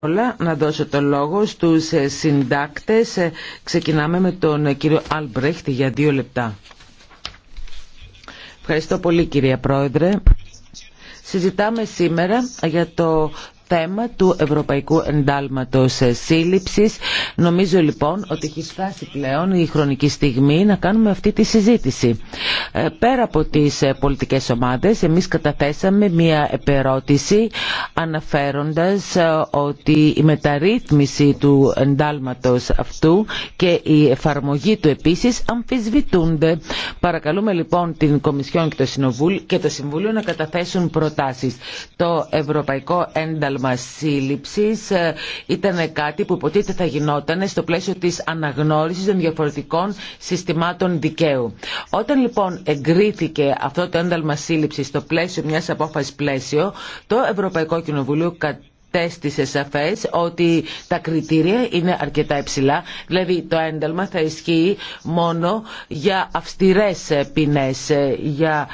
όλα να δώσω το λόγο στους ε, συντάκτες. Ε, ξεκινάμε με τον ε, κύριο Αλμπρέχτη για δύο λεπτά. Ευχαριστώ πολύ κυρία Πρόεδρε. Συζητάμε σήμερα για το θέμα του Ευρωπαϊκού Εντάλματος Σύλληψης. Νομίζω λοιπόν ότι έχει φτάσει πλέον η χρονική στιγμή να κάνουμε αυτή τη συζήτηση. Ε, πέρα από τις ε, πολιτικές ομάδες, εμείς καταθέσαμε μία επερώτηση αναφέροντας ε, ότι η μεταρρύθμιση του εντάλματος αυτού και η εφαρμογή του επίσης αμφισβητούνται. Παρακαλούμε λοιπόν την Κομισιόν και το, Συμβούλιο να καταθέσουν προτάσεις. Το Ευρωπαϊκό πρόβλημα σύλληψης ε, ήταν κάτι που υποτίθεται θα γινόταν στο πλαίσιο της αναγνώρισης των διαφορετικών συστημάτων δικαίου. Όταν λοιπόν εγκρίθηκε αυτό το ένταλμα σύλληψης στο πλαίσιο μιας απόφασης πλαίσιο, το Ευρωπαϊκό Κοινοβουλίο κατέστησε σαφές ότι τα κριτήρια είναι αρκετά υψηλά, δηλαδή το ένταλμα θα ισχύει μόνο για αυστηρές ποινές, ε, για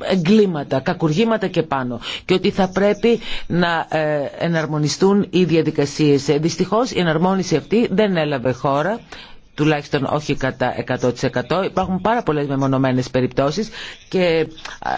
εγκλήματα, κακουργήματα και πάνω και ότι θα πρέπει να ε, εναρμονιστούν οι διαδικασίες. Ε, δυστυχώς η εναρμόνιση αυτή δεν έλαβε χώρα τουλάχιστον όχι κατά 100%. Υπάρχουν πάρα πολλές μεμονωμένες περιπτώσεις και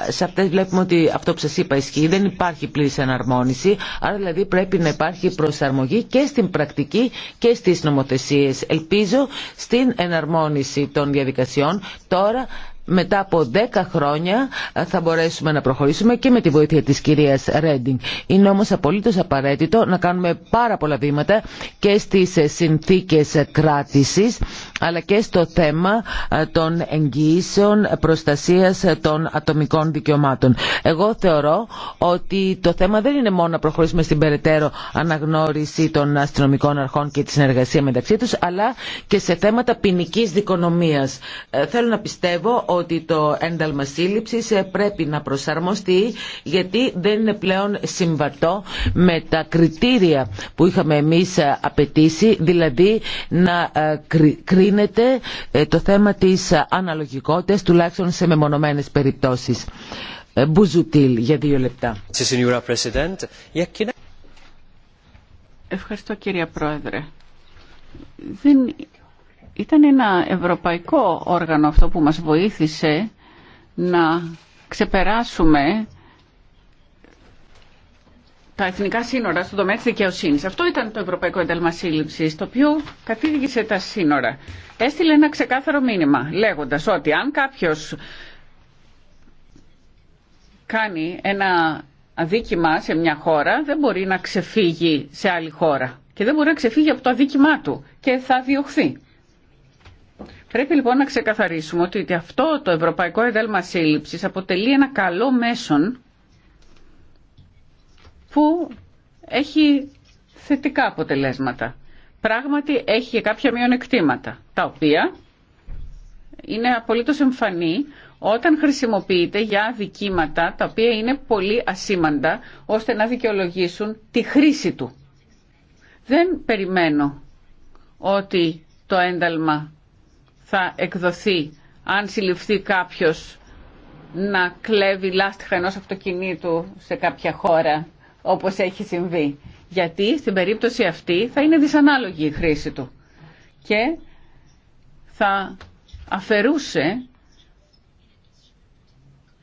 σε αυτές βλέπουμε ότι αυτό που σας είπα ισχύει, δεν υπάρχει πλήρης εναρμόνιση, άρα δηλαδή πρέπει να υπάρχει προσαρμογή και στην πρακτική και στις νομοθεσίες. Ελπίζω στην εναρμόνιση των διαδικασιών τώρα μετά από 10 χρόνια ε, θα μπορέσουμε να προχωρήσουμε και με τη βοήθεια της κυρίας Ρέντινγκ. Είναι όμως απολύτως απαραίτητο να κάνουμε πάρα πολλά βήματα και στις ε, συνθήκες κράτησης αλλά και στο θέμα ε, των εγγυήσεων προστασίας των ατομικών δικαιωμάτων. Εγώ θεωρώ ότι το θέμα δεν είναι μόνο να προχωρήσουμε στην περαιτέρω αναγνώριση των αστυνομικών αρχών και τη συνεργασία μεταξύ τους αλλά και σε θέματα ποινική δικονομίας. Θέλω να πιστεύω ότι το ένταλμα σύλληψη ε, πρέπει να προσαρμοστεί γιατί δεν είναι πλέον συμβατό με τα κριτήρια που είχαμε εμείς ε, απαιτήσει, δηλαδή να ε, κρίνεται το θέμα της αναλογικότητας τουλάχιστον σε μεμονωμένες περιπτώσεις. Μπουζουτήλ για δύο λεπτά. Ευχαριστώ κύριε Πρόεδρε. Δεν ήταν ένα ευρωπαϊκό όργανο αυτό που μας βοήθησε να ξεπεράσουμε τα εθνικά σύνορα στον τομέα της δικαιοσύνη. Αυτό ήταν το Ευρωπαϊκό Ένταλμα το οποίο κατήργησε τα σύνορα. Έστειλε ένα ξεκάθαρο μήνυμα, λέγοντας ότι αν κάποιος κάνει ένα αδίκημα σε μια χώρα, δεν μπορεί να ξεφύγει σε άλλη χώρα. Και δεν μπορεί να ξεφύγει από το αδίκημά του και θα διωχθεί. Πρέπει λοιπόν να ξεκαθαρίσουμε ότι αυτό το Ευρωπαϊκό Εντάλμα Σύλληψης αποτελεί ένα καλό μέσον που έχει θετικά αποτελέσματα. Πράγματι έχει και κάποια μειονεκτήματα, τα οποία είναι απολύτως εμφανή όταν χρησιμοποιείται για δικήματα τα οποία είναι πολύ ασήμαντα ώστε να δικαιολογήσουν τη χρήση του. Δεν περιμένω ότι το ένταλμα θα εκδοθεί αν συλληφθεί κάποιος να κλέβει λάστιχα ενός αυτοκινήτου σε κάποια χώρα όπως έχει συμβεί. Γιατί στην περίπτωση αυτή θα είναι δυσανάλογη η χρήση του και θα αφαιρούσε,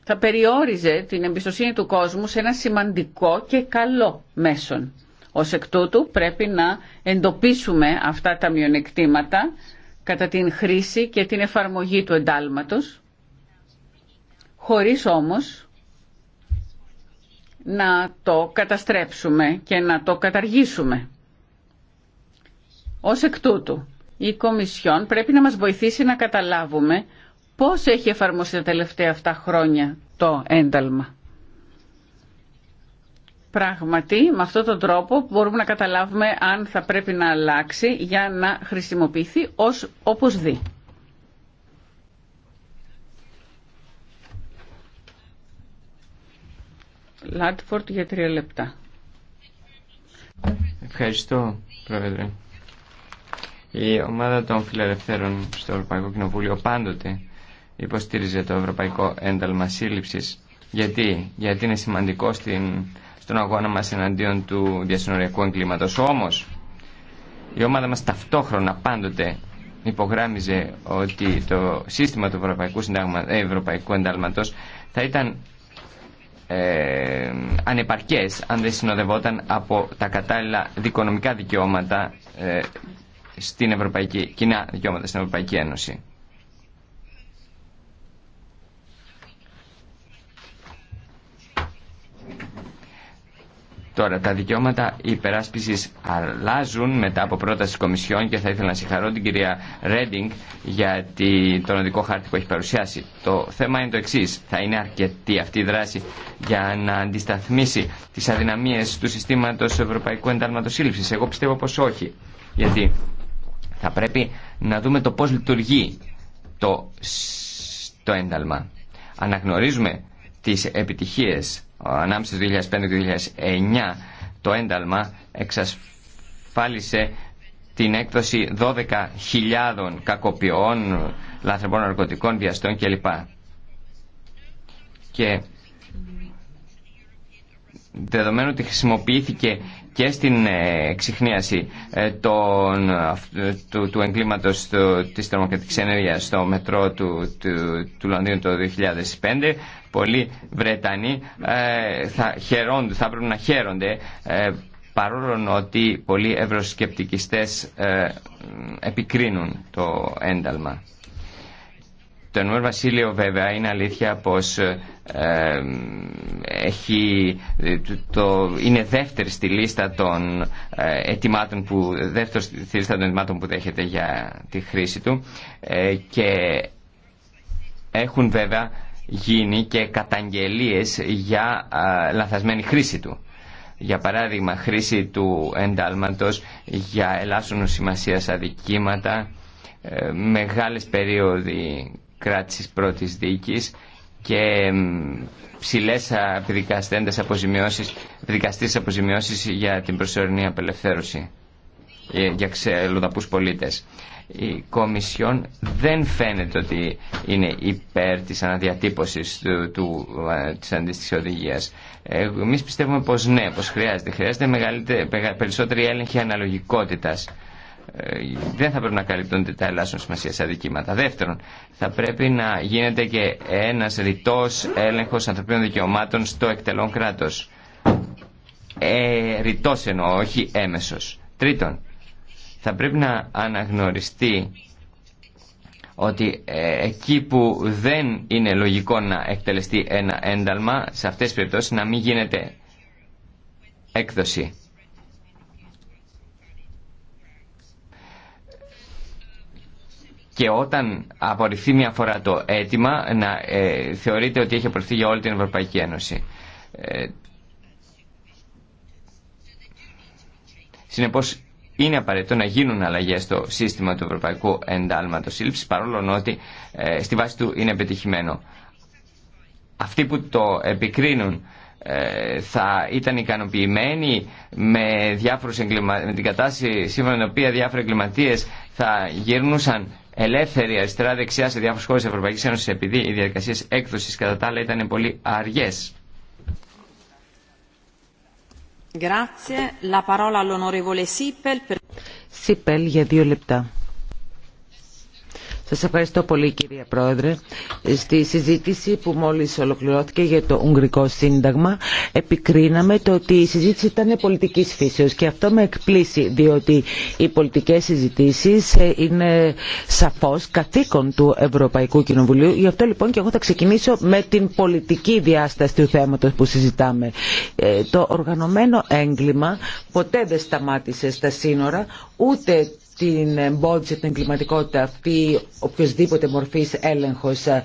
θα περιόριζε την εμπιστοσύνη του κόσμου σε ένα σημαντικό και καλό μέσον. Ως εκ τούτου πρέπει να εντοπίσουμε αυτά τα μειονεκτήματα κατά την χρήση και την εφαρμογή του εντάλματος, χωρίς όμως να το καταστρέψουμε και να το καταργήσουμε. Ως εκ τούτου, η Κομισιόν πρέπει να μας βοηθήσει να καταλάβουμε πώς έχει εφαρμοστεί τα τελευταία αυτά χρόνια το ένταλμα. Πράγματι, με αυτόν τον τρόπο μπορούμε να καταλάβουμε αν θα πρέπει να αλλάξει για να χρησιμοποιηθεί ως, όπως δει. Λάτφορτ για τρία λεπτά. Ευχαριστώ, Πρόεδρε. Η ομάδα των φιλελευθέρων στο Ευρωπαϊκό Κοινοβούλιο πάντοτε υποστήριζε το Ευρωπαϊκό Ένταλμα Σύλληψης. Γιατί, γιατί είναι σημαντικό στην στον αγώνα μας εναντίον του διασυνοριακού εγκλήματος. Όμως, η ομάδα μας ταυτόχρονα πάντοτε υπογράμμιζε ότι το σύστημα του Ευρωπαϊκού, Συντάγμα, ε, Ευρωπαϊκού Εντάλματος θα ήταν ε, ανεπαρκές αν δεν συνοδευόταν από τα κατάλληλα δικονομικά δικαιώματα ε, στην Ευρωπαϊκή, κοινά δικαιώματα στην Ευρωπαϊκή Ένωση. Τώρα, τα δικαιώματα υπεράσπιση αλλάζουν μετά από πρόταση κομισιών και θα ήθελα να συγχαρώ την κυρία Ρέντινγκ για τον οδικό χάρτη που έχει παρουσιάσει. Το θέμα είναι το εξή. Θα είναι αρκετή αυτή η δράση για να αντισταθμίσει τι αδυναμίε του συστήματο Ευρωπαϊκού Εντάλματο Σύλληψη. Εγώ πιστεύω πω όχι. Γιατί θα πρέπει να δούμε το πώ λειτουργεί το, το ένταλμα. Αναγνωρίζουμε τι επιτυχίε ανάμεσα στο 2005 και 2009 το ένταλμα εξασφάλισε την έκδοση 12.000 κακοποιών, λάθρεπων ναρκωτικών, βιαστών κλπ. Και δεδομένου ότι χρησιμοποιήθηκε και στην ε, εξυχνίαση ε, ε, του, του εγκλήματος του, της τρομοκρατικής ενέργειας στο μετρό του, Λονδίνου το 2005 πολλοί Βρετανοί θα, χαιρώνουν, θα πρέπει να χαίρονται ε, παρόλο ότι πολλοί ευρωσκεπτικιστές επικρίνουν το ένταλμα. Το Ενωμένο Βασίλειο βέβαια είναι αλήθεια πως έχει, το, είναι δεύτερη στη λίστα των ε, ετοιμάτων που, δεύτερη στη λίστα των ετοιμάτων που δέχεται για τη χρήση του ε, και έχουν βέβαια γίνει και καταγγελίες για λαθασμένη χρήση του. Για παράδειγμα, χρήση του εντάλματος για ελάσσονο σημασίας αδικήματα, ε, μεγάλες περίοδοι κράτησης πρώτης δίκης και ψηλές επιδικαστέντε αποζημιώσεις, αποζημιώσεις για την προσωρινή απελευθέρωση ε, για ξελουδαπούς πολίτες. Η Κομισιόν δεν φαίνεται ότι είναι υπέρ της αναδιατύπωσης του, αντιστοιχη της αντίστοιχης Εμείς πιστεύουμε πως ναι, πως χρειάζεται. Χρειάζεται μεγαλύτερη, περισσότερη έλεγχη αναλογικότητας ε, δεν θα πρέπει να καλύπτονται τα ελάσσον σημασία αδικήματα. Δεύτερον, θα πρέπει να γίνεται και ένας ρητός έλεγχος ανθρωπίνων δικαιωμάτων στο εκτελών κράτος. Ε, ρητός εννοώ, όχι έμεσος. Τρίτον, θα πρέπει να αναγνωριστεί ότι ε, εκεί που δεν είναι λογικό να εκτελεστεί ένα ένταλμα, σε αυτές τις περιπτώσεις να μην γίνεται έκδοση. και όταν απορριφθεί μια φορά το αίτημα να ε, θεωρείται ότι έχει απορριφθεί για όλη την Ευρωπαϊκή Ένωση. Ε, συνεπώς είναι απαραίτητο να γίνουν αλλαγές στο σύστημα του Ευρωπαϊκού Εντάλματος Σύλληψης παρόλο ότι ε, στη βάση του είναι πετυχημένο. Αυτοί που το επικρίνουν ε, θα ήταν ικανοποιημένοι με, με την κατάσταση σύμφωνα με την οποία διάφοροι εγκληματίε θα γυρνούσαν ελεύθερη αριστερά-δεξιά σε διάφορε χώρε τη Ευρωπαϊκή Ένωση, επειδή οι διαδικασίε έκδοση κατά τα άλλα ήταν πολύ αργέ. Σίπελ για δύο λεπτά. Σας ευχαριστώ πολύ κυρία Πρόεδρε. Στη συζήτηση που μόλις ολοκληρώθηκε για το Ουγγρικό Σύνταγμα επικρίναμε το ότι η συζήτηση ήταν πολιτικής φύσεως και αυτό με εκπλήσει διότι οι πολιτικές συζητήσεις ε, είναι σαφώς καθήκον του Ευρωπαϊκού Κοινοβουλίου. Γι' αυτό λοιπόν και εγώ θα ξεκινήσω με την πολιτική διάσταση του θέματος που συζητάμε. Ε, το οργανωμένο έγκλημα ποτέ δεν σταμάτησε στα σύνορα ούτε την εμπόδιση την εγκληματικότητα αυτή οποιοδήποτε μορφής έλεγχος ε,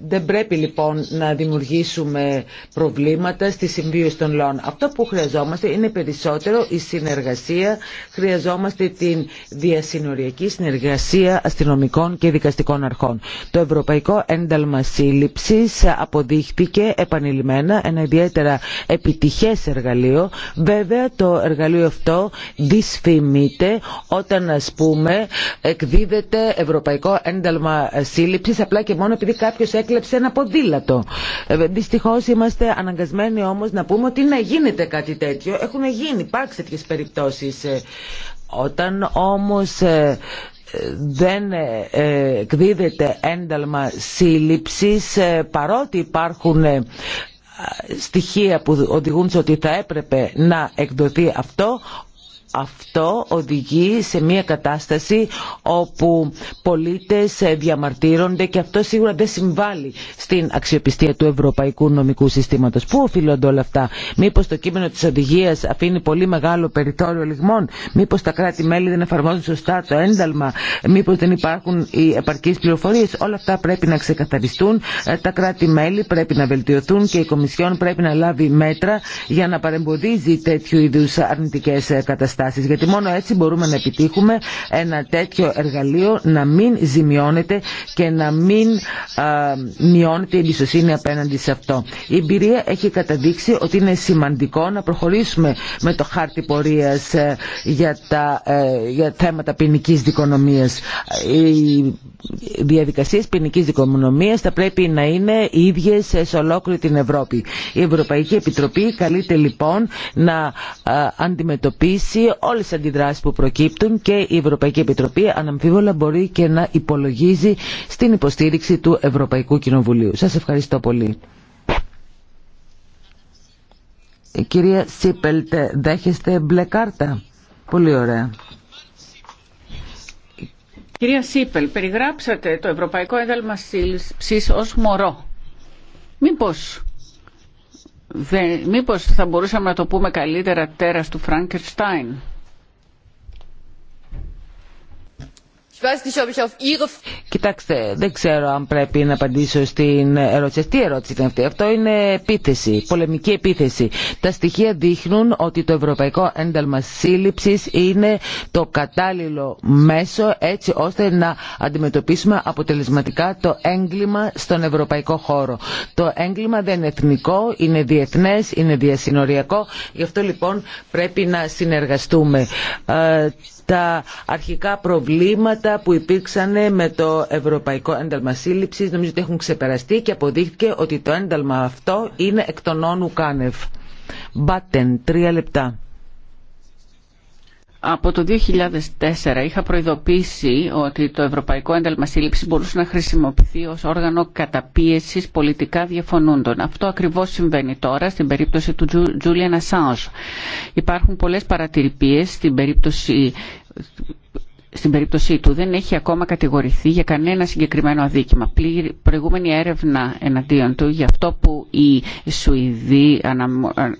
δεν πρέπει λοιπόν να δημιουργήσουμε προβλήματα στη συμβίωση των λαών. Αυτό που χρειαζόμαστε είναι περισσότερο η συνεργασία. Χρειαζόμαστε τη διασυνοριακή συνεργασία αστυνομικών και δικαστικών αρχών. Το Ευρωπαϊκό Ένταλμα Σύλληψη αποδείχθηκε επανειλημμένα ένα ιδιαίτερα επιτυχέ εργαλείο. Βέβαια το εργαλείο αυτό δυσφημείται όταν α πούμε εκδίδεται Ευρωπαϊκό Ένταλμα Σύλληψη απλά και μόνο επειδή κάποιο έκλεψε ένα ποδήλατο. Ε, Δυστυχώ είμαστε αναγκασμένοι όμω να πούμε ότι να γίνεται κάτι τέτοιο. Έχουν γίνει, υπάρξει τέτοιε περιπτώσει. Ε, όταν όμως ε, δεν εκδίδεται ένταλμα σύλληψης παρότι υπάρχουν στοιχεία που οδηγούν σε ότι θα έπρεπε να εκδοθεί αυτό αυτό οδηγεί σε μια κατάσταση όπου πολίτες ε, διαμαρτύρονται και αυτό σίγουρα δεν συμβάλλει στην αξιοπιστία του ευρωπαϊκού νομικού συστήματος. Πού οφείλονται όλα αυτά. Μήπως το κείμενο της οδηγίας αφήνει πολύ μεγάλο περιθώριο λιγμών. Μήπως τα κράτη-μέλη δεν εφαρμόζουν σωστά το ένταλμα. Μήπως δεν υπάρχουν οι επαρκείς πληροφορίες. Όλα αυτά πρέπει να ξεκαθαριστούν. Ε, τα κράτη-μέλη πρέπει να βελτιωθούν και η Κομισιόν πρέπει να λάβει μέτρα για να παρεμποδίζει τέτοιου είδους αρνητικές ε, καταστάσεις γιατί μόνο έτσι μπορούμε να επιτύχουμε ένα τέτοιο εργαλείο να μην ζημιώνεται και να μην μειώνεται η εμπιστοσύνη απέναντι σε αυτό. Η εμπειρία έχει καταδείξει ότι είναι σημαντικό να προχωρήσουμε με το χάρτη πορείας ε, για, τα, ε, για θέματα ποινική δικονομίας. Ε, οι διαδικασίες ποινική δικονομίας θα πρέπει να είναι οι ίδιες σε ολόκληρη την Ευρώπη. Η Ευρωπαϊκή Επιτροπή καλείται λοιπόν να αντιμετωπίσει όλες τις αντιδράσεις που προκύπτουν και η Ευρωπαϊκή Επιτροπή αναμφίβολα μπορεί και να υπολογίζει στην υποστήριξη του Ευρωπαϊκού Κοινοβουλίου. Σας ευχαριστώ πολύ. Ε, κυρία Σίπελτ, δέχεστε μπλε κάρτα. Πολύ ωραία. Κυρία Σίπελ, περιγράψατε το Ευρωπαϊκό Ένταλμα Σύλληψης ως μωρό. Μήπως Δε, μήπως θα μπορούσαμε να το πούμε καλύτερα τέρας του Frankenstein. Κοιτάξτε, δεν ξέρω αν πρέπει να απαντήσω στην ερώτηση. Τι ερώτηση ήταν αυτή. Αυτό είναι επίθεση, πολεμική επίθεση. Τα στοιχεία δείχνουν ότι το Ευρωπαϊκό Ένταλμα Σύλληψη είναι το κατάλληλο μέσο έτσι ώστε να αντιμετωπίσουμε αποτελεσματικά το έγκλημα στον ευρωπαϊκό χώρο. Το έγκλημα δεν είναι εθνικό, είναι διεθνέ, είναι διασυνοριακό. Γι' αυτό λοιπόν πρέπει να συνεργαστούμε. Ε, τα αρχικά προβλήματα που υπήρξαν με το Ευρωπαϊκό Ένταλμα Σύλληψης. Νομίζω ότι έχουν ξεπεραστεί και αποδείχθηκε ότι το ένταλμα αυτό είναι εκ των όνου κάνευ. Μπάτεν, τρία λεπτά. Από το 2004 είχα προειδοποίησει ότι το Ευρωπαϊκό Ένταλμα Σύλληψη μπορούσε να χρησιμοποιηθεί ως όργανο καταπίεσης πολιτικά διαφωνούντων. Αυτό ακριβώς συμβαίνει τώρα στην περίπτωση του Julian Assange. Υπάρχουν πολλές παρατηρηπίες στην περίπτωση στην περίπτωσή του δεν έχει ακόμα κατηγορηθεί για κανένα συγκεκριμένο αδίκημα. Πλήρη, προηγούμενη έρευνα εναντίον του για αυτό που οι Σουηδοί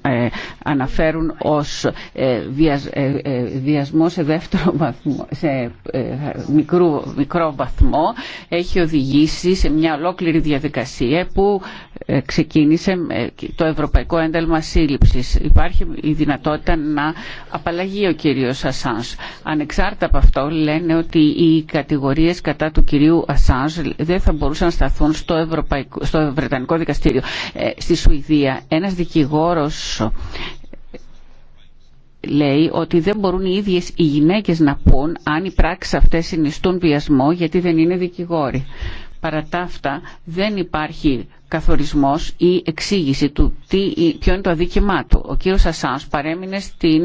ε, αναφέρουν ως ε, βιασ, ε, ε σε, δεύτερο σε ε, μικρό βαθμό έχει οδηγήσει σε μια ολόκληρη διαδικασία που ε, ξεκίνησε το Ευρωπαϊκό Ένταλμα Σύλληψης. Υπάρχει η δυνατότητα να απαλλαγεί ο κύριος Ασάνς. Ανεξάρτητα από αυτό λένε ότι οι κατηγορίες κατά του κυρίου Ασάνς δεν θα μπορούσαν να σταθούν στο, Ευρωπαϊκό, στο Βρετανικό Δικαστήριο. Ε, στη Σουηδία ένας δικηγόρος λέει ότι δεν μπορούν οι ίδιες οι γυναίκες να πούν αν οι πράξεις αυτές συνιστούν βιασμό γιατί δεν είναι δικηγόροι. Παρά τα αυτά δεν υπάρχει καθορισμός ή εξήγηση του τι, ποιο είναι το αδίκημά του. Ο κύριος Ασάνς παρέμεινε στην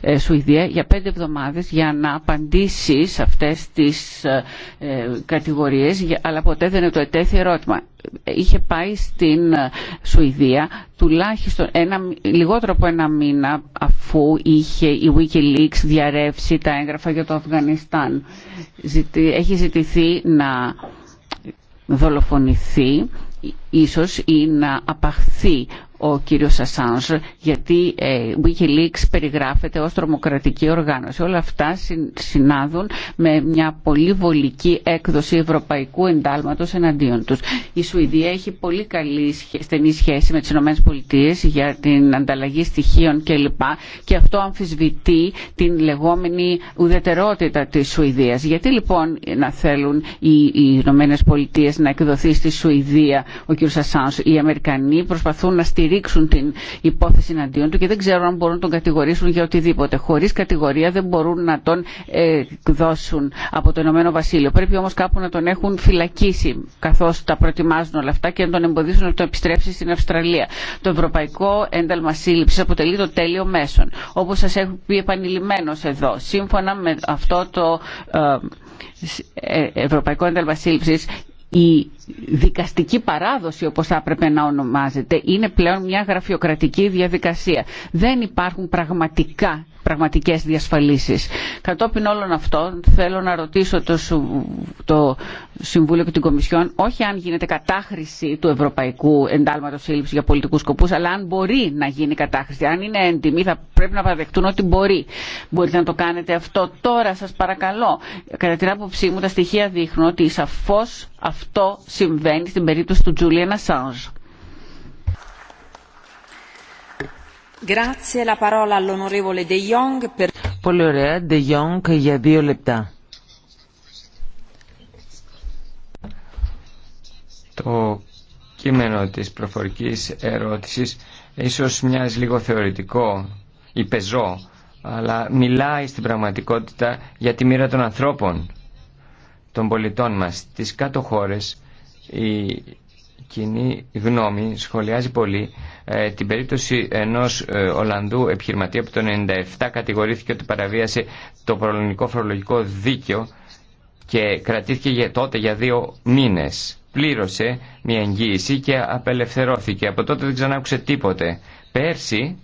ε, Σουηδία για πέντε εβδομάδες για να απαντήσει σε αυτές τις ε, ε, κατηγορίες, αλλά ποτέ δεν το ετέθη ερώτημα. Είχε πάει στην Σουηδία τουλάχιστον ένα, λιγότερο από ένα μήνα αφού είχε η Wikileaks διαρρεύσει τα έγγραφα για το Αφγανιστάν. Έχει ζητηθεί να δολοφονηθεί ίσως ή να απαχθεί ο κύριος Ασάνζ γιατί ε, Wikileaks περιγράφεται ως τρομοκρατική οργάνωση. Όλα αυτά συνάδουν με μια πολύ βολική έκδοση ευρωπαϊκού εντάλματος εναντίον τους. Η Σουηδία έχει πολύ καλή στενή σχέση με τις ΗΠΑ για την ανταλλαγή στοιχείων κλπ. Και αυτό αμφισβητεί την λεγόμενη ουδετερότητα της Σουηδίας. Γιατί λοιπόν να θέλουν οι, οι ΗΠΑ να εκδοθεί στη Σουηδία ο κύριος Ασάνζ. Οι Αμερικανοί προσπαθούν να στηρίξουν την υπόθεση εναντίον του και δεν ξέρουν αν μπορούν να τον κατηγορήσουν για οτιδήποτε. Χωρί κατηγορία δεν μπορούν να τον δώσουν από το Ηνωμένο Βασίλειο. Πρέπει όμω κάπου να τον έχουν φυλακίσει καθώ τα προετοιμάζουν όλα αυτά και να τον εμποδίσουν να τον επιστρέψει στην Αυστραλία. Το Ευρωπαϊκό Ένταλμα Σύλληψη αποτελεί το τέλειο μέσον. Όπω σα έχω πει επανειλημμένω εδώ, σύμφωνα με αυτό το ε, ε, Ευρωπαϊκό Ένταλμα Σύλληψη, δικαστική παράδοση όπως θα έπρεπε να ονομάζεται είναι πλέον μια γραφειοκρατική διαδικασία. Δεν υπάρχουν πραγματικά πραγματικές διασφαλίσεις. Κατόπιν όλων αυτών θέλω να ρωτήσω το, το Συμβούλιο και την Κομισιόν όχι αν γίνεται κατάχρηση του Ευρωπαϊκού Εντάλματος Σύλληψης για πολιτικούς σκοπούς αλλά αν μπορεί να γίνει κατάχρηση. Αν είναι έντιμη θα πρέπει να παραδεχτούν ότι μπορεί. Μπορείτε να το κάνετε αυτό τώρα σας παρακαλώ. Κατά την άποψή μου τα στοιχεία δείχνουν ότι σαφώς αυτό συμβαίνει στην περίπτωση του Τζούλιαν Ασάνζ. Πολύ ωραία, για δύο λεπτά. Το κείμενο της προφορικής ερώτησης ίσως μοιάζει λίγο θεωρητικό ή πεζό, αλλά μιλάει στην πραγματικότητα για τη μοίρα των ανθρώπων, των πολιτών μας. τις κάτω χώρες η κοινή γνώμη σχολιάζει πολύ ε, την περίπτωση ενός ε, Ολλανδού επιχειρηματία που το 1997 κατηγορήθηκε ότι παραβίασε το προλογικό φορολογικό δίκαιο και κρατήθηκε για, τότε για δύο μήνες. Πλήρωσε μια εγγύηση και απελευθερώθηκε. Από τότε δεν ξανά τίποτε. Πέρσι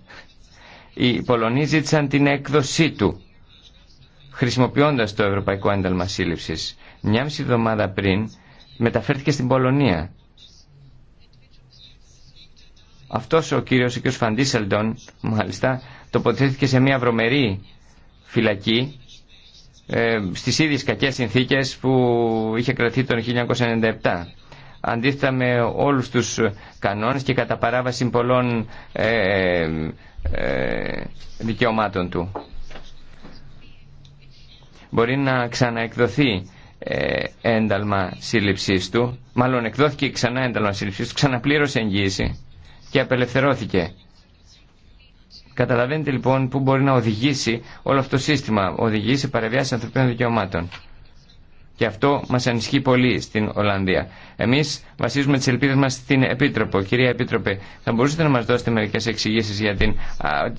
οι Πολωνοί ζήτησαν την έκδοσή του χρησιμοποιώντας το Ευρωπαϊκό Ένταλμα Σύλληψης. Μια μισή εβδομάδα πριν μεταφέρθηκε στην Πολωνία. Αυτός ο κύριος, ο κύριος Φαντίσελντον, μάλιστα, τοποθετήθηκε σε μια βρωμερή φυλακή ε, στις ίδιες κακές συνθήκες που είχε κρατηθεί το 1997 αντίθετα με όλους τους κανόνες και κατά παράβαση πολλών ε, ε δικαιωμάτων του. Μπορεί να ξαναεκδοθεί ε, ένταλμα σύλληψή του, μάλλον εκδόθηκε ξανά ένταλμα σύλληψή του, ξαναπλήρωσε εγγύηση και απελευθερώθηκε. Καταλαβαίνετε λοιπόν πού μπορεί να οδηγήσει όλο αυτό το σύστημα, οδηγήσει σε ανθρωπίνων δικαιωμάτων. Και αυτό μα ανισχύει πολύ στην Ολλανδία. Εμεί βασίζουμε τι ελπίδε μα στην Επίτροπο. Κυρία Επίτροπε, θα μπορούσατε να μα δώσετε μερικέ εξηγήσει για την,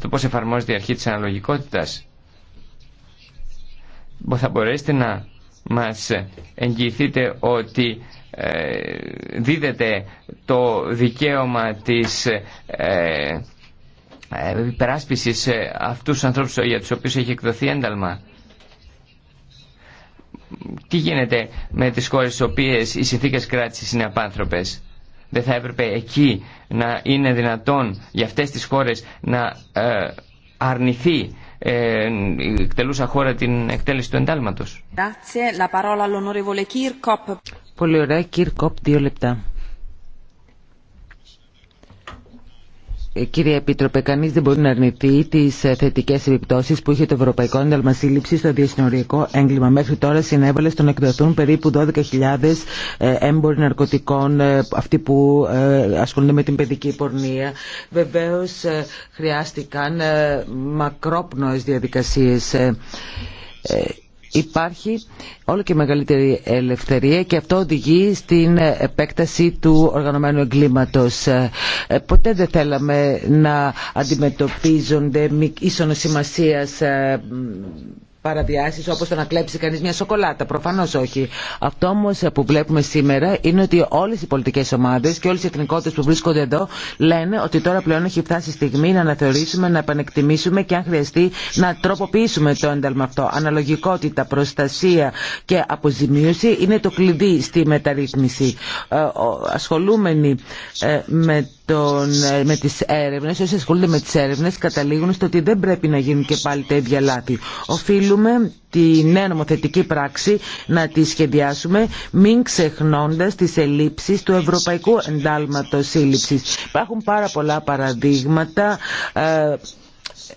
το πώ εφαρμόζεται η αρχή τη αναλογικότητα. Θα μπορέσετε να μας εγγυηθείτε ότι ε, δίδεται το δικαίωμα της ε, ε υπεράσπισης ε, αυτούς τους ανθρώπους για τους οποίους έχει εκδοθεί ένταλμα. Τι γίνεται με τις χώρες στις οποίες οι συνθήκες κράτησης είναι απάνθρωπες. Δεν θα έπρεπε εκεί να είναι δυνατόν για αυτές τις χώρες να αρνηθεί ε, εκτελούσα χώρα την εκτέλεση του εντάλματος. Πολύ ωραία. Κύρκοπ, δύο λεπτά. Κύριε Επίτροπε, κανείς δεν μπορεί να αρνηθεί τις ε, θετικές επιπτώσεις που είχε το Ευρωπαϊκό Ένταλμα στο διασυνοριακό έγκλημα. Μέχρι τώρα συνέβαλε στο να εκδοθούν περίπου 12.000 ε, έμποροι ναρκωτικών, ε, αυτοί που ασχολούνται με την παιδική πορνεία. Βεβαίως χρειάστηκαν μακρόπνοες διαδικασίες υπάρχει όλο και μεγαλύτερη ελευθερία και αυτό οδηγεί στην επέκταση του οργανωμένου εγκλήματος. Ε, ποτέ δεν θέλαμε να αντιμετωπίζονται ίσονος σημασίας ε, παραβιάσει όπως το να κλέψει κανεί μια σοκολάτα. Προφανώ όχι. Αυτό όμω που βλέπουμε σήμερα είναι ότι όλε οι πολιτικέ ομάδε και όλε οι εθνικότητε που βρίσκονται εδώ λένε ότι τώρα πλέον έχει φτάσει η στιγμή να αναθεωρήσουμε, να επανεκτιμήσουμε και αν χρειαστεί να τροποποιήσουμε το ένταλμα αυτό. Αναλογικότητα, προστασία και αποζημίωση είναι το κλειδί στη μεταρρύθμιση. Ε, ασχολούμενοι ε, με τον, ε, με τις έρευνες, όσοι ασχολούνται με τις έρευνες καταλήγουν στο ότι δεν πρέπει να γίνουν και πάλι τέτοια λάθη. Οφείλουμε τη νέα νομοθετική πράξη να τη σχεδιάσουμε μην ξεχνώντας τις ελλείψεις του Ευρωπαϊκού εντάλματο Σύλληψης. Υπάρχουν πάρα πολλά παραδείγματα ε,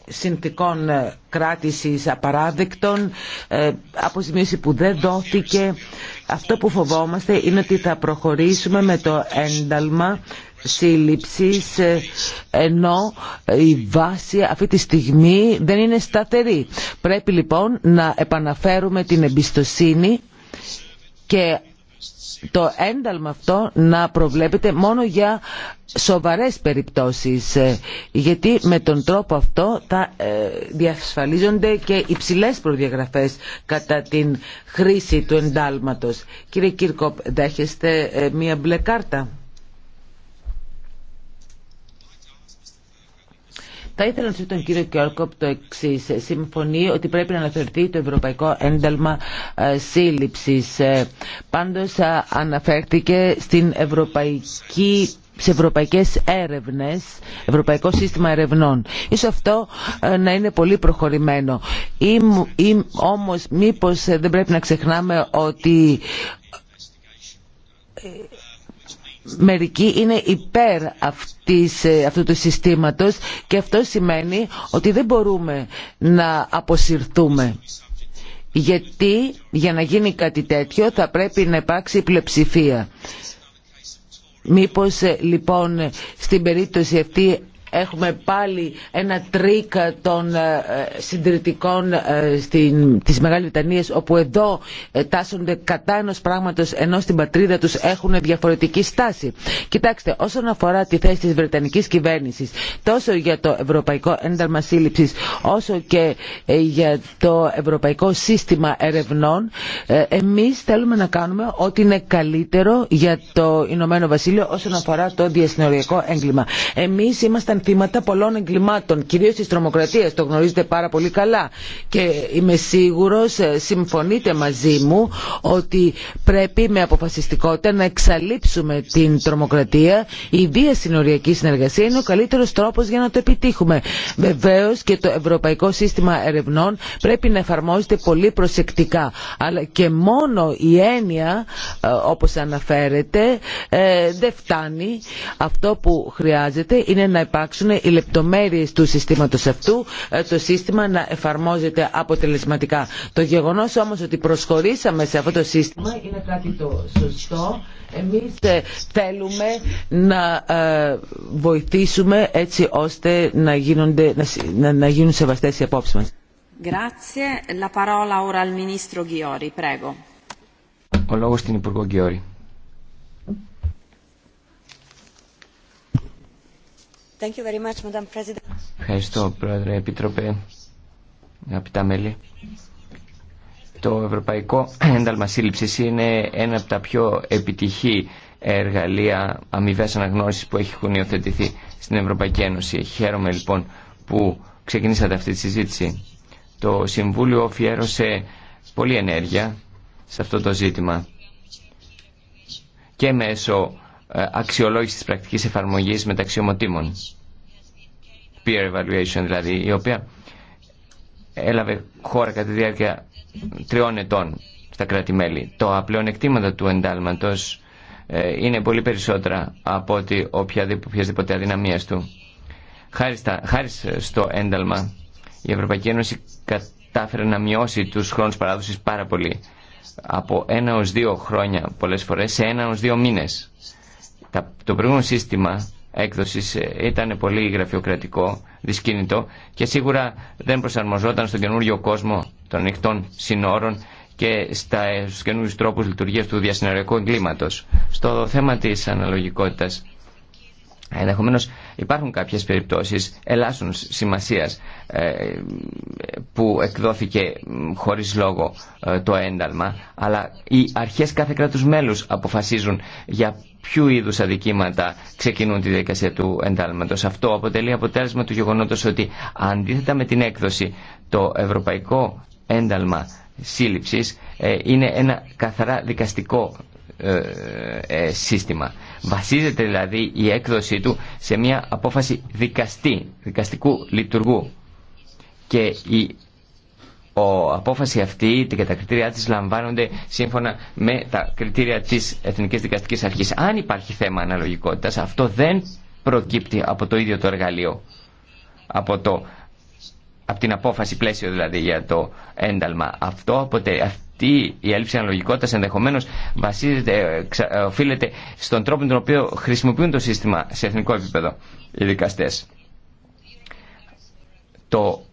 συνθήκων ε, κράτησης απαράδεκτων, ε, που δεν δόθηκε. Αυτό που φοβόμαστε είναι ότι θα προχωρήσουμε με το ένταλμα σύλληψης ε, ενώ η βάση αυτή τη στιγμή δεν είναι σταθερή. Πρέπει λοιπόν να επαναφέρουμε την εμπιστοσύνη και το ένταλμα αυτό να προβλέπεται μόνο για σοβαρές περιπτώσεις ε, γιατί με τον τρόπο αυτό θα ε, διασφαλίζονται και υψηλές προδιαγραφές κατά την χρήση του εντάλματος. Κύριε Κύρκοπ, δέχεστε μία μπλε κάρτα. Θα ήθελα να πω τον κύριο Κιόρκοπ το εξή. Συμφωνεί ότι πρέπει να αναφερθεί το Ευρωπαϊκό Ένταλμα ε, Σύλληψη. Ε, Πάντω ε, αναφέρθηκε στην Ευρωπαϊκή σε ευρωπαϊκές έρευνες, ευρωπαϊκό σύστημα ερευνών. Ίσως αυτό να είναι πολύ προχωρημένο. Ή, ή, όμως μήπως δεν πρέπει να ξεχνάμε ότι μερικοί είναι υπέρ ε, αυτού του συστήματος και αυτό σημαίνει ότι δεν μπορούμε να αποσυρθούμε. Γιατί για να γίνει κάτι τέτοιο θα πρέπει να υπάρξει πλειοψηφία. Μήπως ε, λοιπόν στην περίπτωση αυτή έχουμε πάλι ένα τρίκα των ε, συντηρητικών ε, της Μεγάλης Βρετανίας όπου εδώ ε, τάσσονται κατά ενός πράγματος ενώ στην πατρίδα τους έχουν διαφορετική στάση. Κοιτάξτε, όσον αφορά τη θέση της Βρετανικής κυβέρνησης τόσο για το Ευρωπαϊκό Ένταλμα Σύλληψης όσο και για το Ευρωπαϊκό Σύστημα Ερευνών εμείς θέλουμε να κάνουμε ό,τι είναι καλύτερο για το Ηνωμένο Βασίλειο όσον αφορά το διασυνοριακό έγκλημα. Εμείς ήμασταν ήταν θύματα πολλών εγκλημάτων, κυρίως της τρομοκρατίας, το γνωρίζετε πάρα πολύ καλά. Και είμαι σίγουρος, ε, συμφωνείτε μαζί μου, ότι πρέπει με αποφασιστικότητα να εξαλείψουμε την τρομοκρατία. Η βία συνοριακή συνεργασία είναι ο καλύτερος τρόπος για να το επιτύχουμε. Βεβαίως και το Ευρωπαϊκό Σύστημα Ερευνών πρέπει να εφαρμόζεται πολύ προσεκτικά. Αλλά και μόνο η έννοια, ε, όπως αναφέρεται, ε, δεν φτάνει. Αυτό που χρειάζεται είναι να υπάρχει αλλάξουν οι λεπτομέρειες του συστήματος αυτού, ε, το σύστημα να εφαρμόζεται αποτελεσματικά. Το γεγονός όμως ότι προσχωρήσαμε σε αυτό το σύστημα είναι κάτι το σωστό. Εμείς ε, θέλουμε να ε, βοηθήσουμε έτσι ώστε να, γίνονται, να, να γίνουν σεβαστές οι απόψεις μας. Grazie. La parola ora al ministro Ghiori, prego. Ο λόγος στην Υπουργό Ευχαριστώ, Πρόεδρε Επίτροπε, αγαπητά μέλη. Το Ευρωπαϊκό Ένταλμα Σύλληψη είναι ένα από τα πιο επιτυχή εργαλεία αμοιβέ αναγνώριση που έχουν υιοθετηθεί στην Ευρωπαϊκή Ένωση. Χαίρομαι λοιπόν που ξεκινήσατε αυτή τη συζήτηση. Το Συμβούλιο αφιέρωσε πολλή ενέργεια σε αυτό το ζήτημα και μέσω ε, αξιολόγηση της πρακτικής εφαρμογής μεταξύ ομοτήμων. Peer evaluation δηλαδή, η οποία έλαβε χώρα κατά τη διάρκεια τριών ετών στα κράτη-μέλη. Το απλεονεκτήματα του εντάλματος ε, είναι πολύ περισσότερα από ότι οποιαδήποτε αδυναμία του. Χάρη, στα, στο ένταλμα, η Ευρωπαϊκή Ένωση κατάφερε να μειώσει τους χρόνους παράδοσης πάρα πολύ. Από ένα ως δύο χρόνια πολλές φορές σε ένα ως δύο μήνες. Το προηγούμενο σύστημα έκδοσης ε, ήταν πολύ γραφειοκρατικό, δυσκίνητο και σίγουρα δεν προσαρμοζόταν στον καινούριο κόσμο των ανοιχτών συνόρων και στα, ε, καινούριου τρόπους λειτουργίας του διασυνοριακού εγκλήματος. Στο θέμα της αναλογικότητας, ενδεχομένως υπάρχουν κάποιες περιπτώσεις ελάσσων σημασίας ε, που εκδόθηκε χωρίς λόγο το ένταλμα, αλλά οι αρχές κάθε κράτους μέλους αποφασίζουν για ποιου είδου αδικήματα ξεκινούν τη διαδικασία του εντάλματο. Αυτό αποτελεί αποτέλεσμα του γεγονότος ότι αντίθετα με την έκδοση το ευρωπαϊκό ένταλμα σύλληψης ε, είναι ένα καθαρά δικαστικό ε, ε, σύστημα. Βασίζεται δηλαδή η έκδοσή του σε μια απόφαση δικαστή, δικαστικού λειτουργού και η ο απόφαση αυτή και τα κριτήρια της λαμβάνονται σύμφωνα με τα κριτήρια της Εθνικής Δικαστικής Αρχής. Αν υπάρχει θέμα αναλογικότητας, αυτό δεν προκύπτει από το ίδιο το εργαλείο, από, το, από την απόφαση πλαίσιο δηλαδή για το ένταλμα. Αυτό αποτε, αυτή η έλλειψη αναλογικότητας ενδεχομένως βασίζεται, ε, ε, οφείλεται στον τρόπο τον οποίο χρησιμοποιούν το σύστημα σε εθνικό επίπεδο οι δικαστές. Το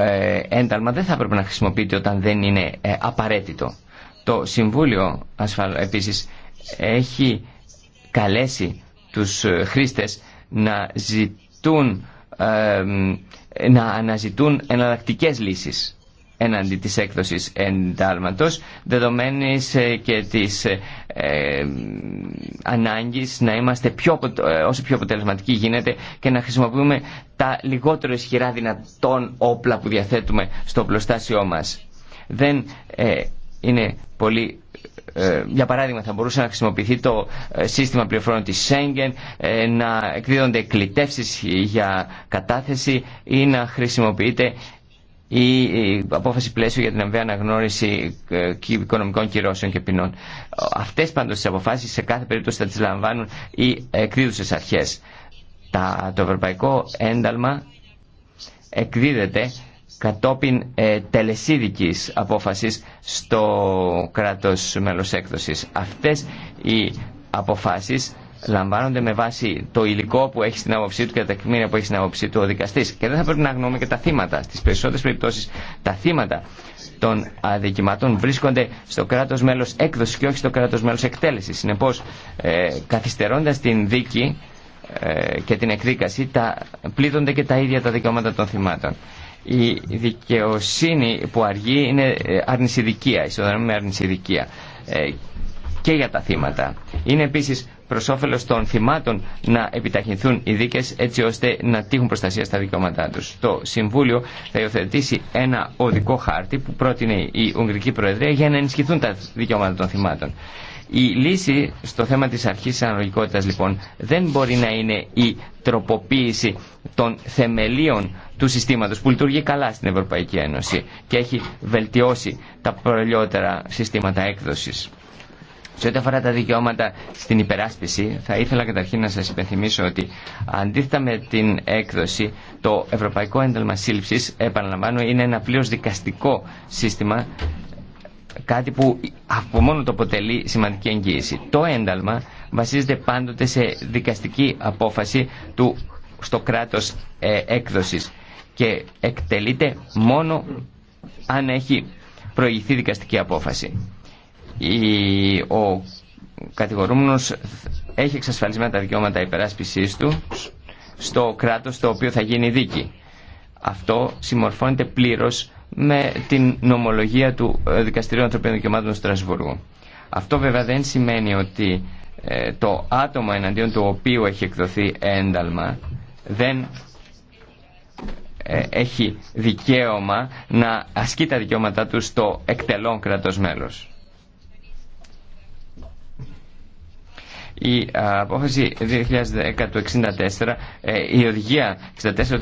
ε, ένταλμα δεν θα έπρεπε να χρησιμοποιείται όταν δεν είναι ε, απαραίτητο. Το Συμβούλιο επίσης έχει καλέσει τους ε, χρήστες να ζητούν να αναζητούν εναλλακτικές λύσεις έναντι της έκδοσης εντάλματος, δεδομένης ε, και της ε, ανάγκης να είμαστε πιο, ε, όσο πιο αποτελεσματικοί γίνεται και να χρησιμοποιούμε τα λιγότερο ισχυρά δυνατόν όπλα που διαθέτουμε στο πλωστάσιό μας. Δεν ε, είναι πολύ για παράδειγμα θα μπορούσε να χρησιμοποιηθεί το σύστημα πληροφορών της Σέγγεν, να εκδίδονται κλητεύσεις για κατάθεση ή να χρησιμοποιείται η ε, απόφαση πλαίσιο για την αμοιβαία αναγνώριση ε, οικονομικών κυρώσεων και ποινών. Αυτές πάντως τι αποφάσεις σε κάθε περίπτωση θα τι λαμβάνουν οι εκδίδουσες αρχές. το ευρωπαϊκό ένταλμα εκδίδεται κατόπιν ε, τελεσίδικης απόφασης στο κράτος μέλος έκδοσης. Αυτές οι αποφάσεις λαμβάνονται με βάση το υλικό που έχει στην άποψή του και τα τεκμήρια που έχει στην άποψή του ο δικαστή. Και δεν θα πρέπει να αγνοούμε και τα θύματα. Στι περισσότερε περιπτώσει τα θύματα των αδικημάτων βρίσκονται στο κράτο μέλο έκδοση και όχι στο κράτο μέλο εκτέλεση. Συνεπώ, ε, καθυστερώντα την δίκη ε, και την εκδίκαση, τα, πλήττονται και τα ίδια τα δικαιώματα των θυμάτων. Η δικαιοσύνη που αργεί είναι ε, αρνησιδικία, ισοδρομή με αρνησιδικία. Ε, και για τα θύματα. Είναι επίση προ όφελο των θυμάτων να επιταχυνθούν οι δίκε έτσι ώστε να τύχουν προστασία στα δικαιώματά τους. Το Συμβούλιο θα υιοθετήσει ένα οδικό χάρτη που πρότεινε η Ουγγρική Προεδρία για να ενισχυθούν τα δικαιώματα των θυμάτων. Η λύση στο θέμα της αρχής της αναλογικότητας λοιπόν δεν μπορεί να είναι η τροποποίηση των θεμελίων του συστήματος που λειτουργεί καλά στην Ευρωπαϊκή Ένωση και έχει βελτιώσει τα προελιότερα συστήματα έκδοσης. Σε ό,τι αφορά τα δικαιώματα στην υπεράσπιση, θα ήθελα καταρχήν να σας υπενθυμίσω ότι αντίθετα με την έκδοση, το Ευρωπαϊκό Ένταλμα Σύλληψη, επαναλαμβάνω, είναι ένα πλήρω δικαστικό σύστημα, κάτι που από μόνο το αποτελεί σημαντική εγγύηση. Το ένταλμα βασίζεται πάντοτε σε δικαστική απόφαση του στο κράτος ε, έκδοσης και εκτελείται μόνο αν έχει προηγηθεί δικαστική απόφαση ο κατηγορούμενος έχει εξασφαλισμένα τα δικαιώματα υπεράσπισής του στο κράτος το οποίο θα γίνει δίκη. Αυτό συμμορφώνεται πλήρως με την νομολογία του ε, Δικαστηρίου Ανθρωπίνων Δικαιωμάτων του Στρασβούργου. Αυτό βέβαια δεν σημαίνει ότι ε, το άτομο εναντίον του οποίου έχει εκδοθεί ένταλμα δεν ε, έχει δικαίωμα να ασκεί τα δικαιώματά του στο εκτελών κρατός μέλος. η απόφαση 2010 του ε, η οδηγία 64 του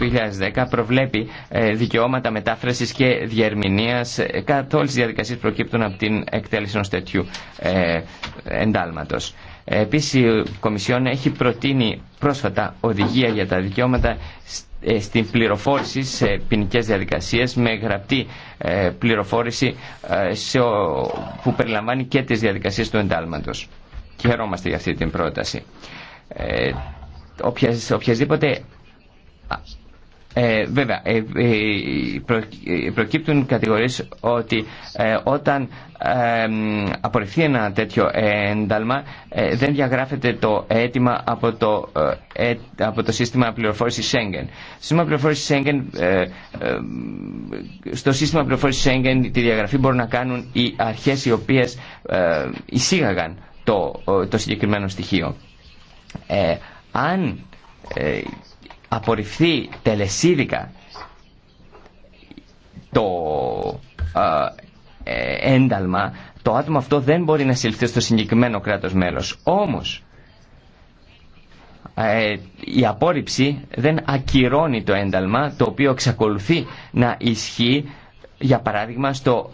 2010 προβλέπει ε, δικαιώματα μετάφρασης και διερμηνίας ε, καθ' όλες τις διαδικασίες προκύπτουν από την εκτέλεση ενός τέτοιου εντάλματος. Επίσης η Κομισιόν έχει προτείνει πρόσφατα οδηγία για τα δικαιώματα στην πληροφόρηση σε ποινικέ διαδικασίες με γραπτή πληροφόρηση που περιλαμβάνει και τις διαδικασίες του εντάλματος χαιρόμαστε για αυτή την πρόταση. Ε, οποιασδήποτε... Ε, βέβαια, ε, προκύπτουν κατηγορίες ότι όταν απορριφθεί ένα τέτοιο ένταλμα δεν διαγράφεται το αίτημα από το, σύστημα πληροφόρησης Schengen. σύστημα πληροφόρησης Schengen, στο σύστημα πληροφόρησης Schengen τη διαγραφή μπορούν να κάνουν οι αρχές οι οποίες εισήγαγαν το, το συγκεκριμένο στοιχείο. Ε, αν ε, απορριφθεί τελεσίδικα το ε, ε, ένταλμα, το άτομο αυτό δεν μπορεί να συλληφθεί στο συγκεκριμένο κράτος μέλος. Όμως, ε, η απόρριψη δεν ακυρώνει το ένταλμα, το οποίο εξακολουθεί να ισχύει, για παράδειγμα, στο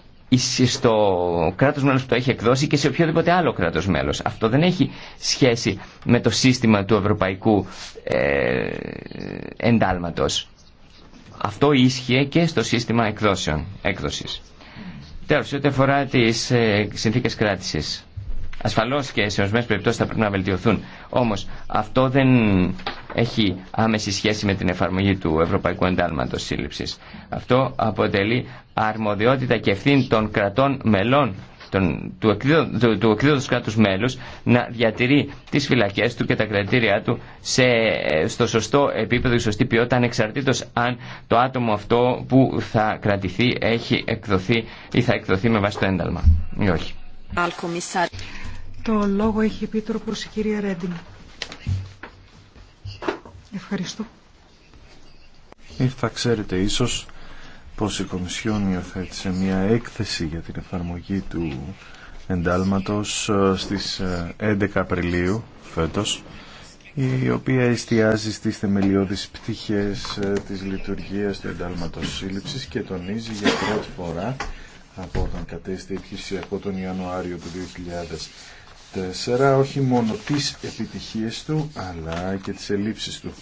στο κράτος μέλος που το έχει εκδώσει και σε οποιοδήποτε άλλο κράτος μέλος. Αυτό δεν έχει σχέση με το σύστημα του ευρωπαϊκού ε, Αυτό ίσχυε και στο σύστημα εκδόσεων, έκδοση. Τέλος, ό,τι αφορά τις ε, συνθήκες κράτηση. Ασφαλώ και σε ορισμένε περιπτώσει θα πρέπει να βελτιωθούν. Όμω αυτό δεν έχει άμεση σχέση με την εφαρμογή του Ευρωπαϊκού Εντάλματο Σύλληψη. Αυτό αποτελεί αρμοδιότητα και ευθύνη των κρατών μελών τον, του, εκδίδον, του, του κράτους μέλους να διατηρεί τις φυλακές του και τα κρατήρια του σε, στο σωστό επίπεδο και σωστή ποιότητα ανεξαρτήτως αν το άτομο αυτό που θα κρατηθεί έχει εκδοθεί ή θα εκδοθεί με βάση το ένταλμα ή όχι. Το λόγο έχει η Επίτροπος η κυρία Ρέντινγκ. Ευχαριστώ. Ε, θα ξέρετε ίσως πως η Κομισιόν υιοθέτησε μια έκθεση για την εφαρμογή του εντάλματος ε, στις 11 ε, Απριλίου φέτος η οποία εστιάζει στις θεμελιώδεις πτυχές της λειτουργίας του εντάλματος σύλληψης και τονίζει για πρώτη φορά από όταν κατέστη επιχειρησιακό τον Ιανουάριο του Τεσσερά όχι μόνο τις επιτυχίες του αλλά και τις ελλείψεις του.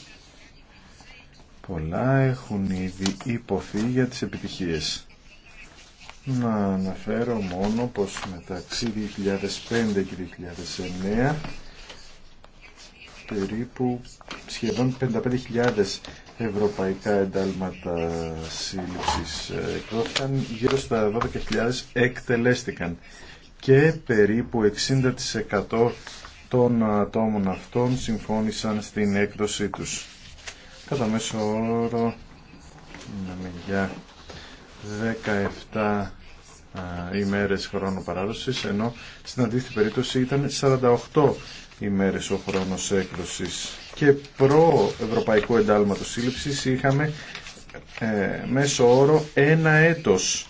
Πολλά έχουν ήδη υποθεί για τις επιτυχίες. Να αναφέρω μόνο πως μεταξύ 2005 και 2009 περίπου σχεδόν 55.000 ευρωπαϊκά εντάλματα σύλληψης ε, εκδόθηκαν, γύρω στα 12.000 εκτελέστηκαν και περίπου 60% των ατόμων αυτών συμφώνησαν στην έκδοσή τους. Κατά μέσο όρο για 17 ημέρες χρόνο παράδοσης, ενώ στην αντίθετη περίπτωση ήταν 48 ημέρες ο χρόνος έκδοσης. Και προ Ευρωπαϊκού Εντάλματος Σύλληψης είχαμε ε, μέσο όρο ένα έτος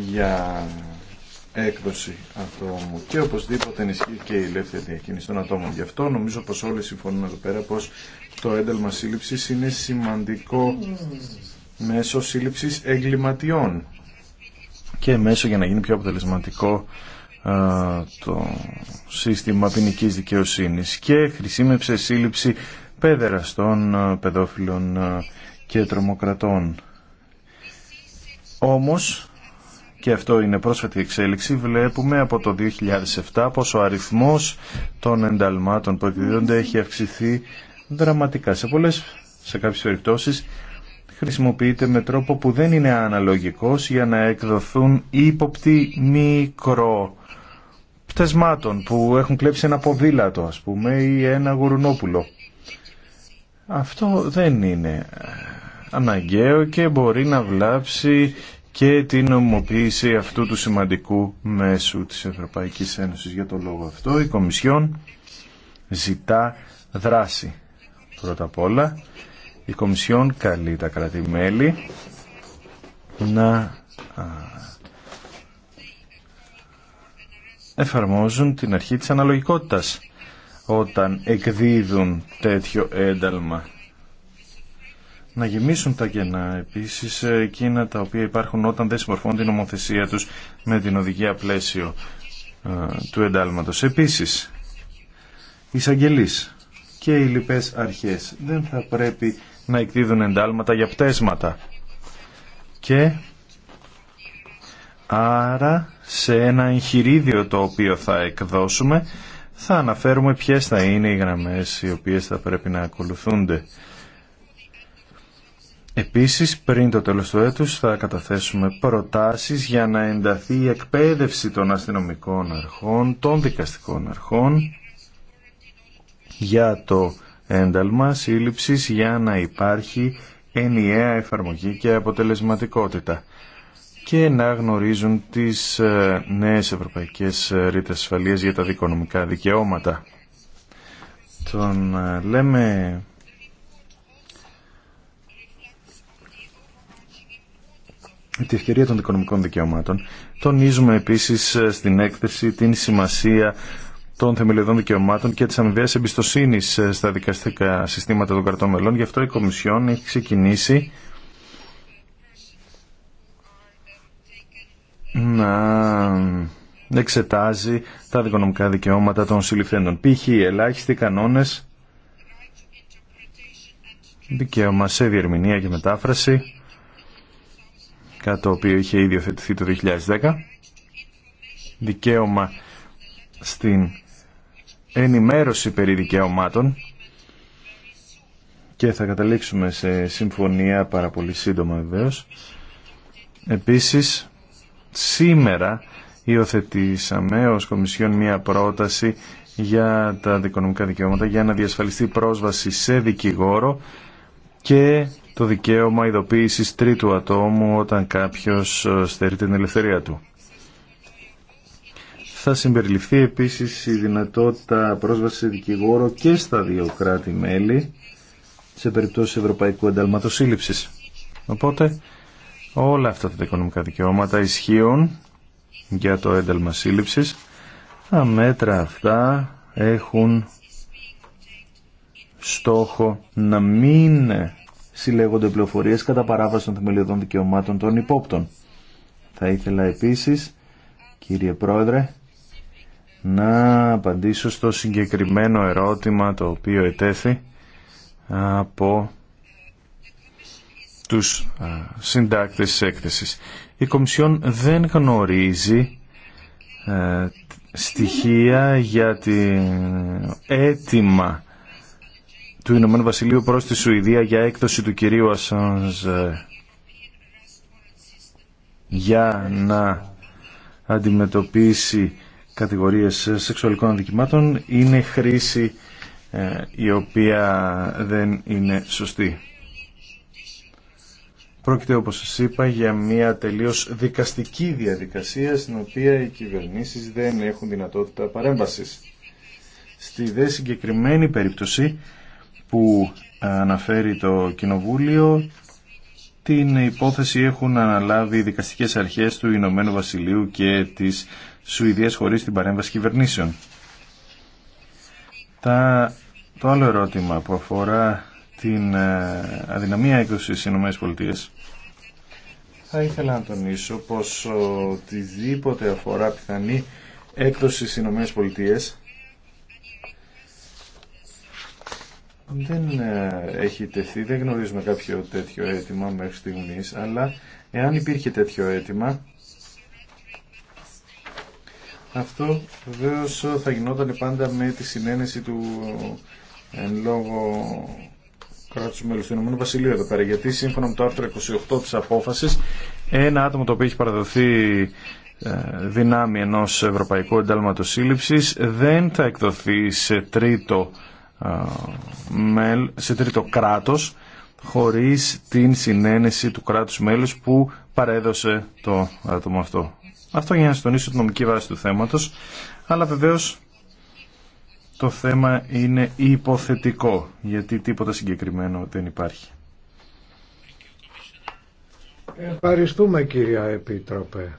για έκδοση ατόμου και οπωσδήποτε ενισχύει και η ελεύθερη διακίνηση των ατόμων. Γι' αυτό νομίζω πως όλοι συμφωνούν εδώ πέρα πως το ένταλμα σύλληψης είναι σημαντικό μέσο σύλληψης εγκληματιών και μέσο για να γίνει πιο αποτελεσματικό το σύστημα ποινική δικαιοσύνης και χρησιμεύσε σύλληψη των παιδόφιλων και τρομοκρατών. Όμως και αυτό είναι πρόσφατη εξέλιξη, βλέπουμε από το 2007 πως ο αριθμός των ενταλμάτων που εκδίδονται έχει αυξηθεί δραματικά. Σε πολλές, σε κάποιες περιπτώσεις, χρησιμοποιείται με τρόπο που δεν είναι αναλογικός για να εκδοθούν ύποπτοι μικρό πτεσμάτων που έχουν κλέψει ένα ποδήλατο ας πούμε ή ένα γουρουνόπουλο. Αυτό δεν είναι αναγκαίο και μπορεί να βλάψει και την νομοποίηση αυτού του σημαντικού μέσου της Ευρωπαϊκής Ένωσης. Για τον λόγο αυτό η Κομισιόν ζητά δράση. Πρώτα απ' όλα η Κομισιόν καλεί τα κρατη να εφαρμόζουν την αρχή της αναλογικότητας όταν εκδίδουν τέτοιο ένταλμα να γεμίσουν τα κενά επίσης ε, εκείνα τα οποία υπάρχουν όταν δεν συμμορφώνουν την νομοθεσία τους με την οδηγία πλαίσιο ε, του εντάλματος. Επίσης, εισαγγελείς και οι λοιπές αρχές δεν θα πρέπει να εκδίδουν εντάλματα για πτέσματα. Και άρα σε ένα εγχειρίδιο το οποίο θα εκδώσουμε θα αναφέρουμε ποιες θα είναι οι γραμμές οι οποίες θα πρέπει να ακολουθούνται. Επίσης, πριν το τέλος του έτους θα καταθέσουμε προτάσεις για να ενταθεί η εκπαίδευση των αστυνομικών αρχών, των δικαστικών αρχών για το ένταλμα σύλληψης για να υπάρχει ενιαία εφαρμογή και αποτελεσματικότητα και να γνωρίζουν τις ε, νέες ευρωπαϊκές ρήτες ασφαλείας για τα δικονομικά δικαιώματα. Τον ε, λέμε τη ευκαιρία των οικονομικών δικαιωμάτων. Τονίζουμε επίσης ε, στην έκθεση την σημασία των θεμελιωδών δικαιωμάτων και τη αμοιβαία εμπιστοσύνη ε, στα δικαστικά συστήματα των κρατών μελών. Γι' αυτό η Κομισιόν έχει ξεκινήσει να εξετάζει τα δικονομικά δικαιώματα των συλληφθέντων. Π.χ. ελάχιστοι κανόνες, δικαίωμα σε διερμηνία και μετάφραση, κατά το οποίο είχε ήδη οθετηθεί το 2010, δικαίωμα στην ενημέρωση περί δικαιωμάτων και θα καταλήξουμε σε συμφωνία πάρα πολύ σύντομα βεβαίω. Επίσης, σήμερα υιοθετήσαμε ως Κομισιόν μία πρόταση για τα δικονομικά δικαιώματα για να διασφαλιστεί πρόσβαση σε δικηγόρο και το δικαίωμα ειδοποίησης τρίτου ατόμου όταν κάποιος ε, στερεί την ελευθερία του. Θα συμπεριληφθεί επίσης η δυνατότητα πρόσβασης σε δικηγόρο και στα δύο κράτη-μέλη σε περίπτωση ευρωπαϊκού ενταλματοσύλληψης. Οπότε όλα αυτά τα οικονομικά δικαιώματα ισχύουν για το ένταλμα σύλληψης. Τα μέτρα αυτά έχουν στόχο να μην συλλέγονται πληροφορίες κατά παράβαση των θεμελιωδών δικαιωμάτων των υπόπτων. Θα ήθελα επίσης, κύριε Πρόεδρε, να απαντήσω στο συγκεκριμένο ερώτημα το οποίο ετέθη από τους συντάκτες της έκθεσης. Η Κομισιόν δεν γνωρίζει ε, στοιχεία για την ε, αίτημα του Ηνωμένου Βασιλείου προς τη Σουηδία για έκδοση του κυρίου Ασάνζ για να αντιμετωπίσει κατηγορίες σεξουαλικών αδικημάτων είναι χρήση ε, η οποία δεν είναι σωστή. Πρόκειται, όπως σας είπα, για μια τελείως δικαστική διαδικασία στην οποία οι κυβερνήσεις δεν έχουν δυνατότητα παρέμβασης. Στη δε συγκεκριμένη περίπτωση που ε, αναφέρει το Κοινοβούλιο την υπόθεση έχουν αναλάβει οι δικαστικές αρχές του Ηνωμένου Βασιλείου και της Σουηδίας χωρίς την παρέμβαση κυβερνήσεων. Τα, το άλλο ερώτημα που αφορά την ε, αδυναμία έκδοση στις Ηνωμένες Πολιτείες θα ήθελα να τονίσω πως οτιδήποτε αφορά πιθανή έκδοση στις Ηνωμένες Πολιτείες δεν ε, έχει τεθεί, δεν γνωρίζουμε κάποιο τέτοιο αίτημα μέχρι στιγμής, αλλά εάν υπήρχε τέτοιο αίτημα, αυτό βεβαίω θα γινόταν πάντα με τη συνένεση του ε, εν λόγω κράτου μέλου του Ηνωμένου Βασιλείου εδώ πέρα. Γιατί σύμφωνα με το άρθρο 28 τη απόφαση, ένα άτομο το οποίο έχει παραδοθεί ε, δυνάμει ενός Ευρωπαϊκού εντάλματος Σύλληψη δεν θα εκδοθεί σε τρίτο σε τρίτο κράτος χωρίς την συνένεση του κράτους μέλους που παρέδωσε το άτομο αυτό. Αυτό για να στονίσω την νομική βάση του θέματος, αλλά βεβαίως το θέμα είναι υποθετικό, γιατί τίποτα συγκεκριμένο δεν υπάρχει. Ευχαριστούμε κυρία Επίτροπε.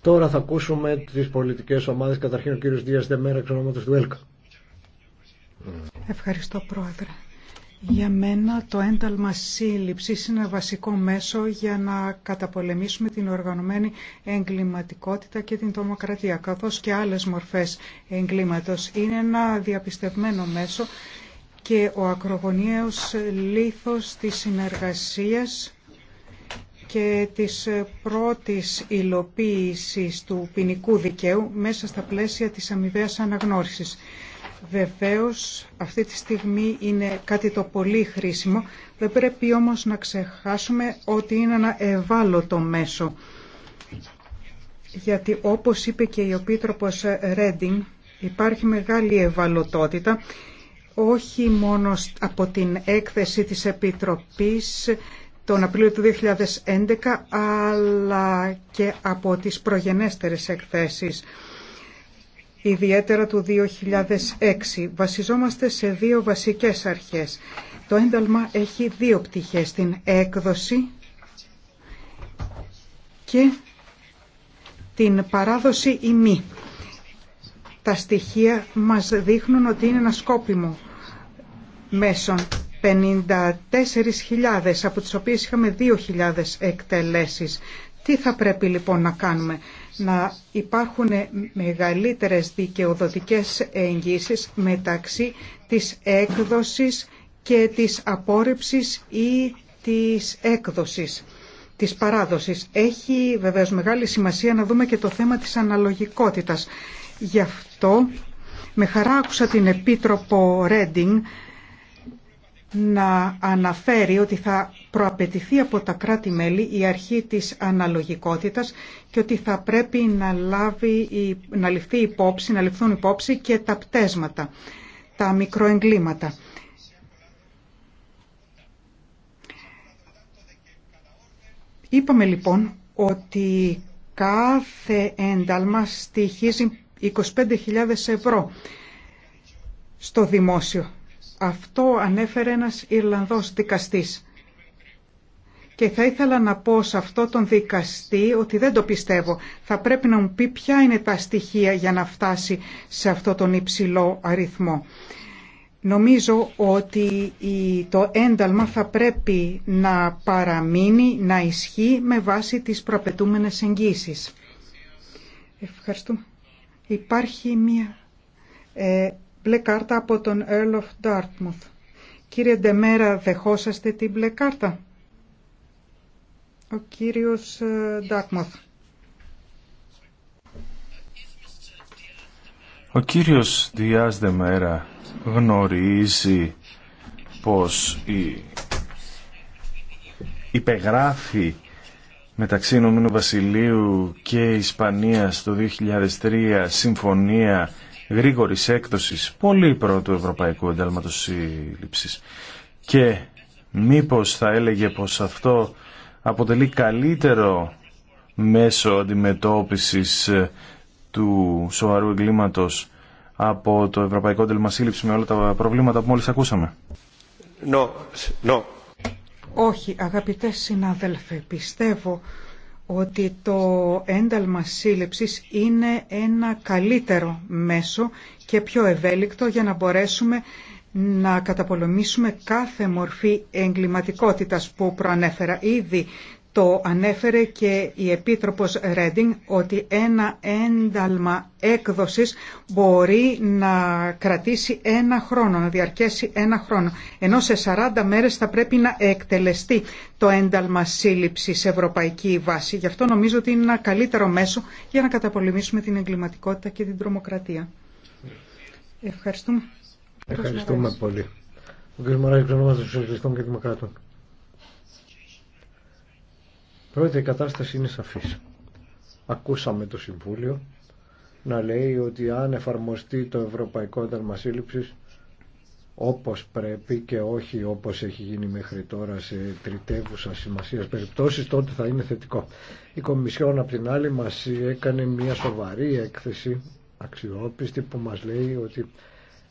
Τώρα θα ακούσουμε τις πολιτικές ομάδες, καταρχήν ο κύριος Δίας Δεμέρα, εξ του ΕΛΚΑ. Ευχαριστώ Πρόεδρε. Για μένα το ένταλμα σύλληψης είναι βασικό μέσο για να καταπολεμήσουμε την οργανωμένη εγκληματικότητα και την τομοκρατία, καθώς και άλλες μορφές εγκλήματος. Είναι ένα διαπιστευμένο μέσο και ο ακρογωνιαίος λήθος της συνεργασίας και της πρώτης υλοποίησης του ποινικού δικαίου μέσα στα πλαίσια της αμοιβαίας αναγνώρισης. Βεβαίως αυτή τη στιγμή είναι κάτι το πολύ χρήσιμο. Δεν πρέπει όμως να ξεχάσουμε ότι είναι ένα ευάλωτο μέσο. Γιατί όπως είπε και η Επίτροπος Ρέντινγκ, υπάρχει μεγάλη ευαλωτότητα όχι μόνο από την έκθεση της Επιτροπής τον Απρίλιο του 2011 αλλά και από τις προγενέστερες εκθέσεις ιδιαίτερα του 2006. Βασιζόμαστε σε δύο βασικές αρχές. Το ένταλμα έχει δύο πτυχές, την έκδοση και την παράδοση ημί. Τα στοιχεία μας δείχνουν ότι είναι ένα σκόπιμο μέσον 54.000, από τις οποίες είχαμε 2.000 εκτελέσεις. Τι θα πρέπει λοιπόν να κάνουμε να υπάρχουν μεγαλύτερες δικαιοδοτικές εγγύσεις μεταξύ της έκδοσης και της απόρριψης ή της έκδοσης, της παράδοσης. Έχει βεβαίως μεγάλη σημασία να δούμε και το θέμα της αναλογικότητας. Γι' αυτό με χαρά άκουσα την Επίτροπο Ρέντινγκ να αναφέρει ότι θα προαπαιτηθεί από τα κράτη-μέλη η αρχή της αναλογικότητας και ότι θα πρέπει να, λάβει, να, ληφθεί υπόψη, να ληφθούν υπόψη και τα πτέσματα, τα μικροεγκλήματα. Είπαμε λοιπόν ότι κάθε ένταλμα στοιχίζει 25.000 ευρώ στο δημόσιο αυτό ανέφερε ένας Ιρλανδός δικαστής. Και θα ήθελα να πω σε αυτό τον δικαστή ότι δεν το πιστεύω. Θα πρέπει να μου πει ποια είναι τα στοιχεία για να φτάσει σε αυτό τον υψηλό αριθμό. Νομίζω ότι το ένταλμα θα πρέπει να παραμείνει, να ισχύει με βάση τις προπετούμενες εγγύσεις. Ευχαριστούμε. Υπάρχει μία ε, μπλε κάρτα από τον Earl of Dartmouth. Κύριε Ντεμέρα, δεχόσαστε την μπλε κάρτα. Ο κύριος Ντάκμοθ. Ε, Ο κύριος Διάς γνωρίζει πως η... υπεγράφει μεταξύ Ηνωμένου Βασιλείου και Ισπανίας το 2003 συμφωνία γρήγορη έκδοση πολύ πρώτου ευρωπαϊκού Εντάλματο σύλληψης. Και μήπω θα έλεγε πως αυτό αποτελεί καλύτερο μέσο αντιμετώπισης ε, του σοβαρού εγκλήματο από το Ευρωπαϊκό Εντάλμα Σύλληψη με όλα τα προβλήματα που μόλις ακούσαμε. No. No. Όχι, αγαπητέ συνάδελφε, πιστεύω ότι το ένταλμα σύλληψης είναι ένα καλύτερο μέσο και πιο ευέλικτο για να μπορέσουμε να καταπολεμήσουμε κάθε μορφή εγκληματικότητας που προανέφερα. Ήδη το ανέφερε και η Επίτροπος Ρέντινγκ ότι ένα ένταλμα έκδοσης μπορεί να κρατήσει ένα χρόνο, να διαρκέσει ένα χρόνο. Ενώ σε 40 μέρες θα πρέπει να εκτελεστεί το ένταλμα σύλληψη σε ευρωπαϊκή βάση. Γι' αυτό νομίζω ότι είναι ένα καλύτερο μέσο για να καταπολεμήσουμε την εγκληματικότητα και την τρομοκρατία. Ευχαριστούμε. Ευχαριστούμε πολύ. Ο κ. και Δημοκράτων. Πρώτη η κατάσταση είναι σαφής. Ακούσαμε το Συμβούλιο να λέει ότι αν εφαρμοστεί το Ευρωπαϊκό Ένταλμα Σύλληψης όπως πρέπει και όχι όπως έχει γίνει μέχρι τώρα σε τριτεύουσα σημασία περιπτώσεις, τότε θα είναι θετικό. Η Κομισιόν από την άλλη μας έκανε μια σοβαρή έκθεση αξιόπιστη που μας λέει ότι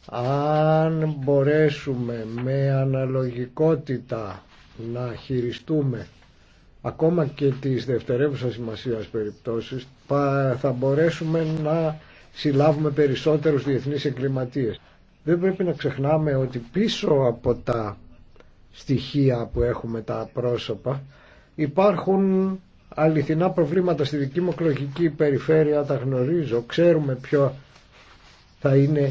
αν μπορέσουμε με αναλογικότητα να χειριστούμε ακόμα και τις δευτερεύουσα σημασίας περιπτώσεις θα μπορέσουμε να συλλάβουμε περισσότερους διεθνείς εγκληματίες. Δεν πρέπει να ξεχνάμε ότι πίσω από τα στοιχεία που έχουμε τα πρόσωπα υπάρχουν αληθινά προβλήματα στη δική μου εκλογική περιφέρεια τα γνωρίζω, ξέρουμε ποιο θα είναι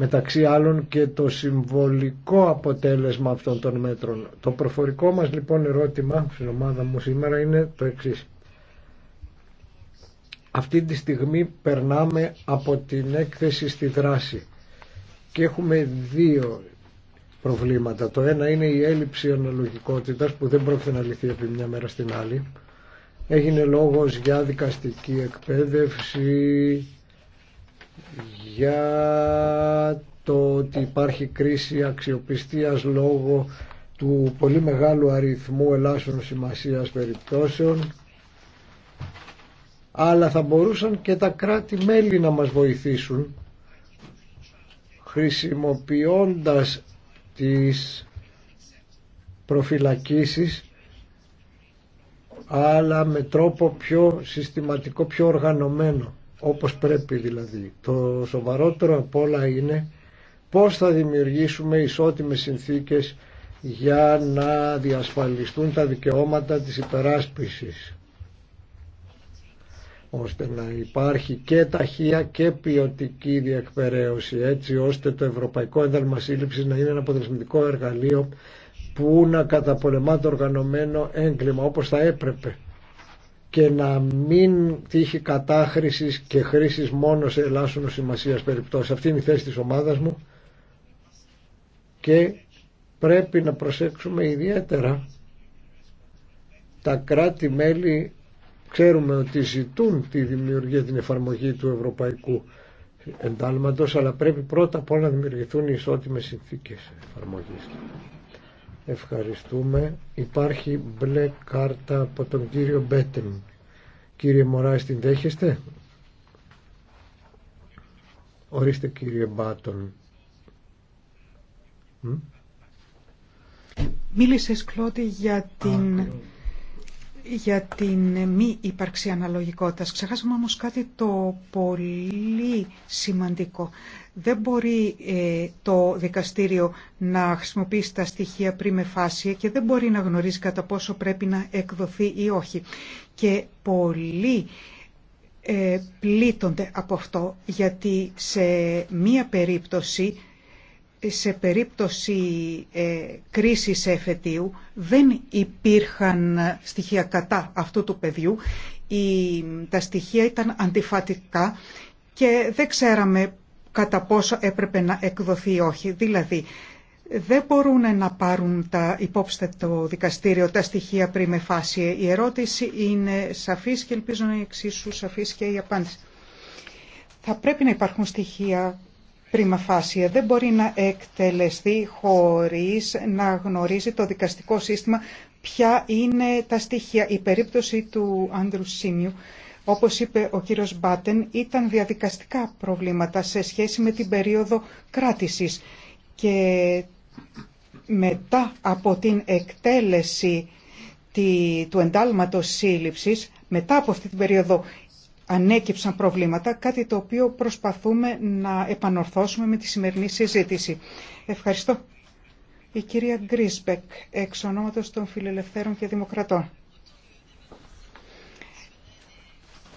μεταξύ άλλων και το συμβολικό αποτέλεσμα αυτών των μέτρων. Το προφορικό μας λοιπόν ερώτημα στην ομάδα μου σήμερα είναι το εξής. Αυτή τη στιγμή περνάμε από την έκθεση στη δράση και έχουμε δύο προβλήματα. Το ένα είναι η έλλειψη αναλογικότητας που δεν πρόκειται να λυθεί από μια μέρα στην άλλη. Έγινε λόγος για δικαστική εκπαίδευση, για το ότι υπάρχει κρίση αξιοπιστίας λόγω του πολύ μεγάλου αριθμού ελάσσων σημασίας περιπτώσεων αλλά θα μπορούσαν και τα κράτη-μέλη να μας βοηθήσουν χρησιμοποιώντας τις προφυλακίσεις αλλά με τρόπο πιο συστηματικό, πιο οργανωμένο όπως πρέπει δηλαδή. Το σοβαρότερο απ' όλα είναι πώς θα δημιουργήσουμε ισότιμες συνθήκες για να διασφαλιστούν τα δικαιώματα της υπεράσπισης ώστε να υπάρχει και ταχεία και ποιοτική διεκπαιρέωση έτσι ώστε το Ευρωπαϊκό Ένταλμα Σύλληψης να είναι ένα αποτελεσματικό εργαλείο που να καταπολεμά το οργανωμένο έγκλημα όπως θα έπρεπε και να μην τύχει κατάχρηση και χρήση μόνο σε ελάσσονο σημασία περιπτώσει. Αυτή είναι η θέση τη ομάδα μου και πρέπει να προσέξουμε ιδιαίτερα τα κράτη-μέλη ξέρουμε ότι ζητούν τη δημιουργία, την εφαρμογή του ευρωπαϊκού εντάλματος αλλά πρέπει πρώτα απ' όλα να δημιουργηθούν οι ισότιμες συνθήκες εφαρμογής. Ευχαριστούμε. Υπάρχει μπλε κάρτα από τον κύριο Μπέτεμ. Κύριε Μωράη, την δέχεστε. Ορίστε κύριε Μπάτον. Μίλησες Κλώτη για την για την μη ύπαρξη αναλογικότητας. Ξεχάσαμε όμως κάτι το πολύ σημαντικό. Δεν μπορεί ε, το δικαστήριο να χρησιμοποιήσει τα στοιχεία πριν φάση και δεν μπορεί να γνωρίζει κατά πόσο πρέπει να εκδοθεί ή όχι. Και πολύ ε, πλήττονται από αυτό γιατί σε μία περίπτωση σε περίπτωση ε, κρίσης εφετείου δεν υπήρχαν στοιχεία κατά αυτού του παιδιού. Η, τα στοιχεία ήταν αντιφατικά και δεν ξέραμε κατά πόσο έπρεπε να εκδοθεί ή όχι. Δηλαδή, δεν μπορούν να πάρουν τα υπόψη το δικαστήριο τα στοιχεία πριν με φάση. Η ερώτηση είναι σαφής και ελπίζω να είναι εξίσου σαφής και η απάντηση. Θα πρέπει να υπάρχουν στοιχεία δεν μπορεί να εκτελεστεί χωρίς να γνωρίζει το δικαστικό σύστημα ποια είναι τα στοιχεία. Η περίπτωση του Άντρου Σίμιου, όπως είπε ο κύριος Μπάτεν, ήταν διαδικαστικά προβλήματα σε σχέση με την περίοδο κράτησης και μετά από την εκτέλεση του εντάλματος σύλληψης, μετά από αυτή την περίοδο ανέκυψαν προβλήματα, κάτι το οποίο προσπαθούμε να επανορθώσουμε με τη σημερινή συζήτηση. Ευχαριστώ. Η κυρία Γκρίσπεκ, εξ ονόματος των Φιλελευθέρων και Δημοκρατών.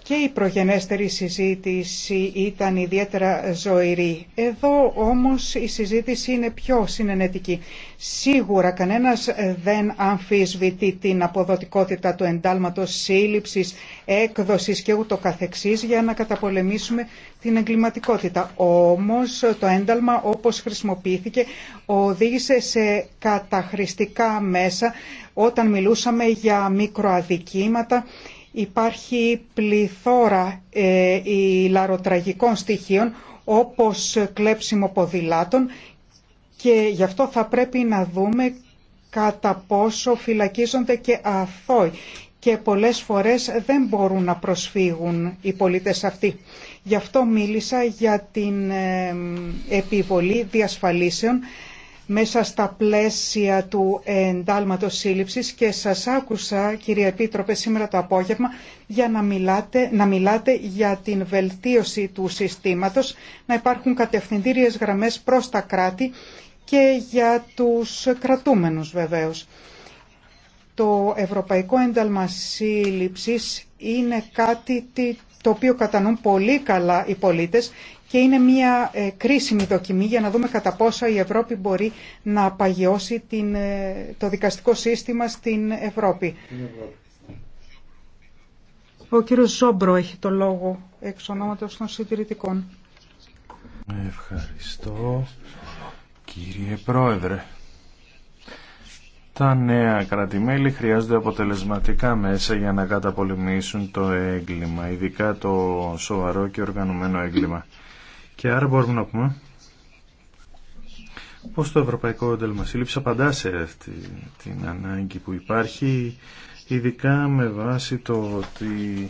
και η προγενέστερη συζήτηση ήταν ιδιαίτερα ζωηρή. Εδώ όμως η συζήτηση είναι πιο συνενετική. Σίγουρα κανένας δεν αμφισβητεί την αποδοτικότητα του εντάλματος σύλληψης, έκδοσης και ούτω καθεξής για να καταπολεμήσουμε την εγκληματικότητα. Όμως το ένταλμα όπως χρησιμοποιήθηκε οδήγησε σε καταχρηστικά μέσα όταν μιλούσαμε για μικροαδικήματα Υπάρχει πληθώρα ε, στοιχείων όπως κλέψιμο ποδηλάτων και γι' αυτό θα πρέπει να δούμε κατά πόσο φυλακίζονται και αθώοι και πολλές φορές δεν μπορούν να προσφύγουν οι πολίτες αυτοί. Γι' αυτό μίλησα για την ε, επιβολή διασφαλίσεων μέσα στα πλαίσια του εντάλματος σύλληψης και σας άκουσα, κύριε Επίτροπε, σήμερα το απόγευμα για να μιλάτε, να μιλάτε για την βελτίωση του συστήματος, να υπάρχουν κατευθυντήριες γραμμές προς τα κράτη και για τους κρατούμενους βεβαίως. Το Ευρωπαϊκό Ένταλμα Σύλληψης είναι κάτι το οποίο κατανοούν πολύ καλά οι πολίτες και είναι μια ε, κρίσιμη δοκιμή για να δούμε κατά πόσα η Ευρώπη μπορεί να παγιώσει την, ε, το δικαστικό σύστημα στην Ευρώπη. Ο κύριος Ζόμπρο έχει το λόγο εξ ονόματος των συντηρητικών. Ευχαριστώ κύριε Πρόεδρε. Τα νέα κρατημέλη χρειάζονται αποτελεσματικά μέσα για να καταπολεμήσουν το έγκλημα, ειδικά το σοβαρό και οργανωμένο έγκλημα. Και άρα μπορούμε να πούμε πως το Ευρωπαϊκό Ένταλμα Σύλληψης απαντά σε αυτή την ανάγκη που υπάρχει, ειδικά με βάση το ότι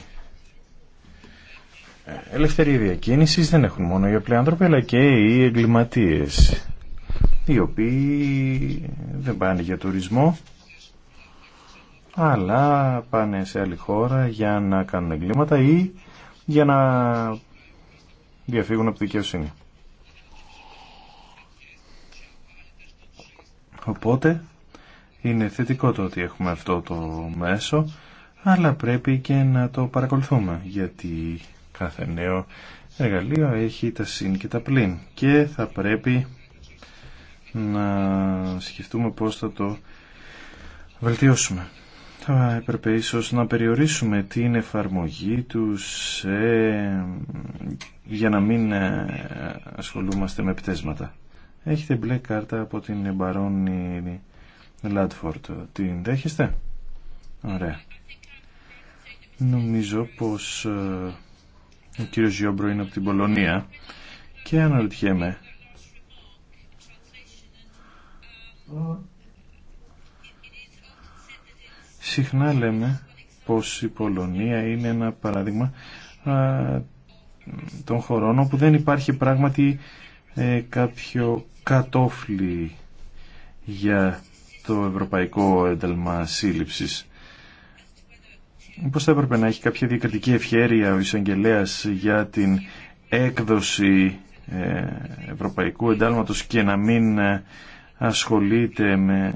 ε, ελευθερία διακίνησης δεν έχουν μόνο οι απλοί άνθρωποι, αλλά και οι εγκληματίες, οι οποίοι δεν πάνε για τουρισμό, αλλά πάνε σε άλλη χώρα για να κάνουν εγκλήματα ή για να διαφύγουν από τη δικαιοσύνη. Οπότε είναι θετικό το ότι έχουμε αυτό το μέσο, αλλά πρέπει και να το παρακολουθούμε, γιατί κάθε νέο εργαλείο έχει τα συν και τα πλήν και θα πρέπει να σκεφτούμε πώς θα το βελτιώσουμε. Θα έπρεπε να περιορίσουμε την εφαρμογή τους για να μην ε, ασχολούμαστε με πτέσματα. Έχετε μπλε κάρτα από την Μπαρόνι Λάντφορτ. Την δέχεστε? Ωραία. Νομίζω πως ε, ο κύριος Γιόμπρο είναι από την Πολωνία και αναρωτιέμαι Συχνά λέμε πως η Πολωνία είναι ένα παράδειγμα των χωρών όπου δεν υπάρχει πράγματι ε, κάποιο κατόφλι για το ευρωπαϊκό ένταλμα σύλληψης. Πώς θα έπρεπε να έχει κάποια διακριτική ευχέρεια ο εισαγγελέα για την έκδοση ε, ευρωπαϊκού εντάλματος και να μην ε, ασχολείται με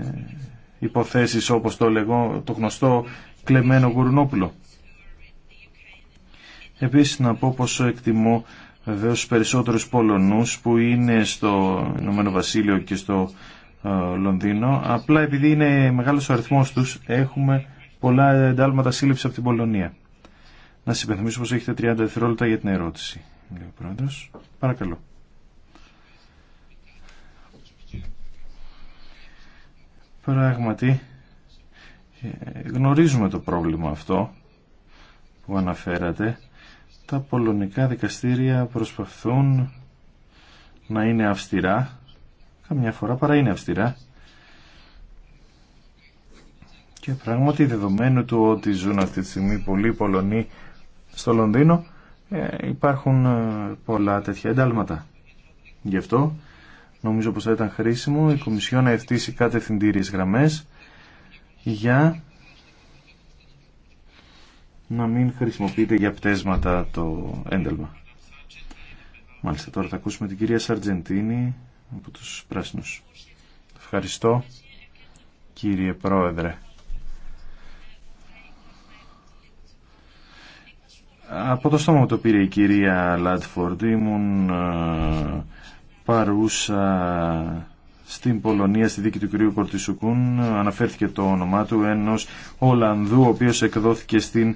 υποθέσεις όπως το, λεγό, το γνωστό κλεμμένο γουρνόπουλο. Επίσης να πω πόσο εκτιμώ βεβαίως τους περισσότερους Πολωνούς που είναι στο Ηνωμένο Βασίλειο και στο ε, Λονδίνο. Απλά επειδή είναι μεγάλος ο αριθμός τους έχουμε πολλά εντάλματα σύλληψη από την Πολωνία. Να υπενθυμίσω πως έχετε 30 δευτερόλεπτα για την ερώτηση. Λέει Παρακαλώ. Πράγματι, ε, γνωρίζουμε το πρόβλημα αυτό που αναφέρατε. Τα πολωνικά δικαστήρια προσπαθούν να είναι αυστηρά, καμιά φορά παρά είναι αυστηρά, και πράγματι δεδομένου του ότι ζουν αυτή τη στιγμή πολλοί Πολωνοί στο Λονδίνο, ε, υπάρχουν ε, πολλά τέτοια εντάλματα. Γι' αυτό Νομίζω πως θα ήταν χρήσιμο η Κομισιόν να ευθύσει κατευθυντήριες γραμμές για να μην χρησιμοποιείται για πτέσματα το έντελμα. Μάλιστα, τώρα θα ακούσουμε την κυρία Σαρτζεντίνη από τους Πράσινους. Ευχαριστώ, κύριε Πρόεδρε. Από το στόμα που το πήρε η κυρία Λάτφορντ. Ήμουν ε, παρούσα στην Πολωνία στη δίκη του κυρίου Κορτισουκούν αναφέρθηκε το όνομά του ενός Ολλανδού ο οποίος εκδόθηκε στην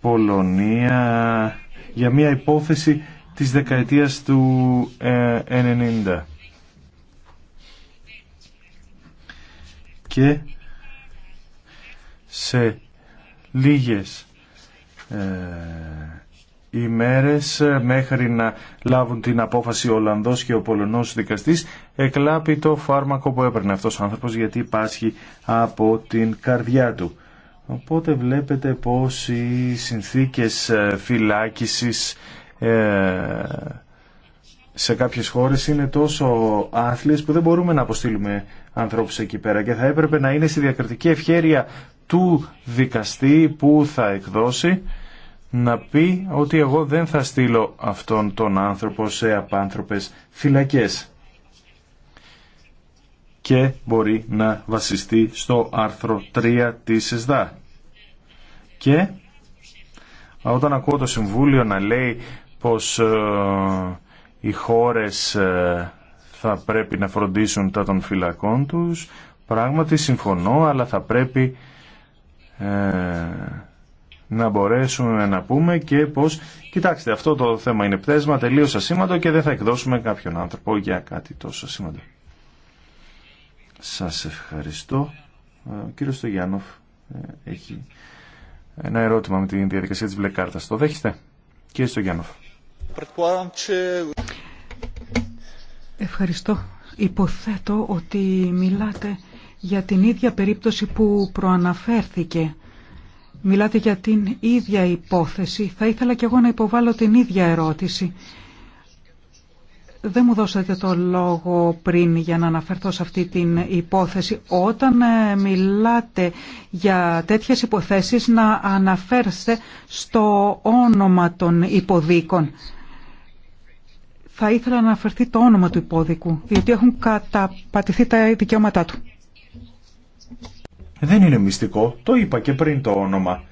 Πολωνία για μια υπόθεση της δεκαετίας του 1990 ε, και σε λίγες ε, ημέρες ε, μέχρι να λάβουν την απόφαση ο Ολλανδός και ο Πολωνός δικαστής εκλάπει το φάρμακο που έπαιρνε αυτός ο άνθρωπος γιατί πάσχει από την καρδιά του. Οπότε βλέπετε πως οι συνθήκες ε, φυλάκισης ε, σε κάποιες χώρες είναι τόσο άθλιες που δεν μπορούμε να αποστείλουμε ανθρώπους εκεί πέρα και θα έπρεπε να είναι στη διακριτική ευχέρεια του δικαστή που θα εκδώσει να πει ότι εγώ δεν θα στείλω αυτόν τον άνθρωπο σε απάνθρωπες φυλακές και μπορεί να βασιστεί στο άρθρο 3 της ΕΣΔΑ. Και όταν ακούω το Συμβούλιο να λέει πως ε, οι χώρες ε, θα πρέπει να φροντίσουν τα των φυλακών τους, πράγματι συμφωνώ, αλλά θα πρέπει ε, να μπορέσουμε να πούμε και πως κοιτάξτε αυτό το θέμα είναι πτέσμα τελείως ασήμαντο και δεν θα εκδώσουμε κάποιον άνθρωπο για κάτι τόσο ασήμαντο. Σας ευχαριστώ. Ε, ο κύριος Στογιάννοφ ε, έχει ένα ερώτημα με τη διαδικασία της μπλε κάρτας. Το δέχεστε, κύριε Στογιάννοφ. Ευχαριστώ. Υποθέτω ότι μιλάτε για την ίδια περίπτωση που προαναφέρθηκε Μιλάτε για την ίδια υπόθεση. Θα ήθελα κι εγώ να υποβάλω την ίδια ερώτηση. Δεν μου δώσατε το λόγο πριν για να αναφερθώ σε αυτή την υπόθεση. Όταν ε, μιλάτε για τέτοιες υποθέσεις να αναφέρσετε στο όνομα των υποδίκων. Θα ήθελα να αναφερθεί το όνομα του υπόδικου, διότι έχουν καταπατηθεί τα δικαιώματά του. Δεν είναι μυστικό, το είπα και πριν το όνομα.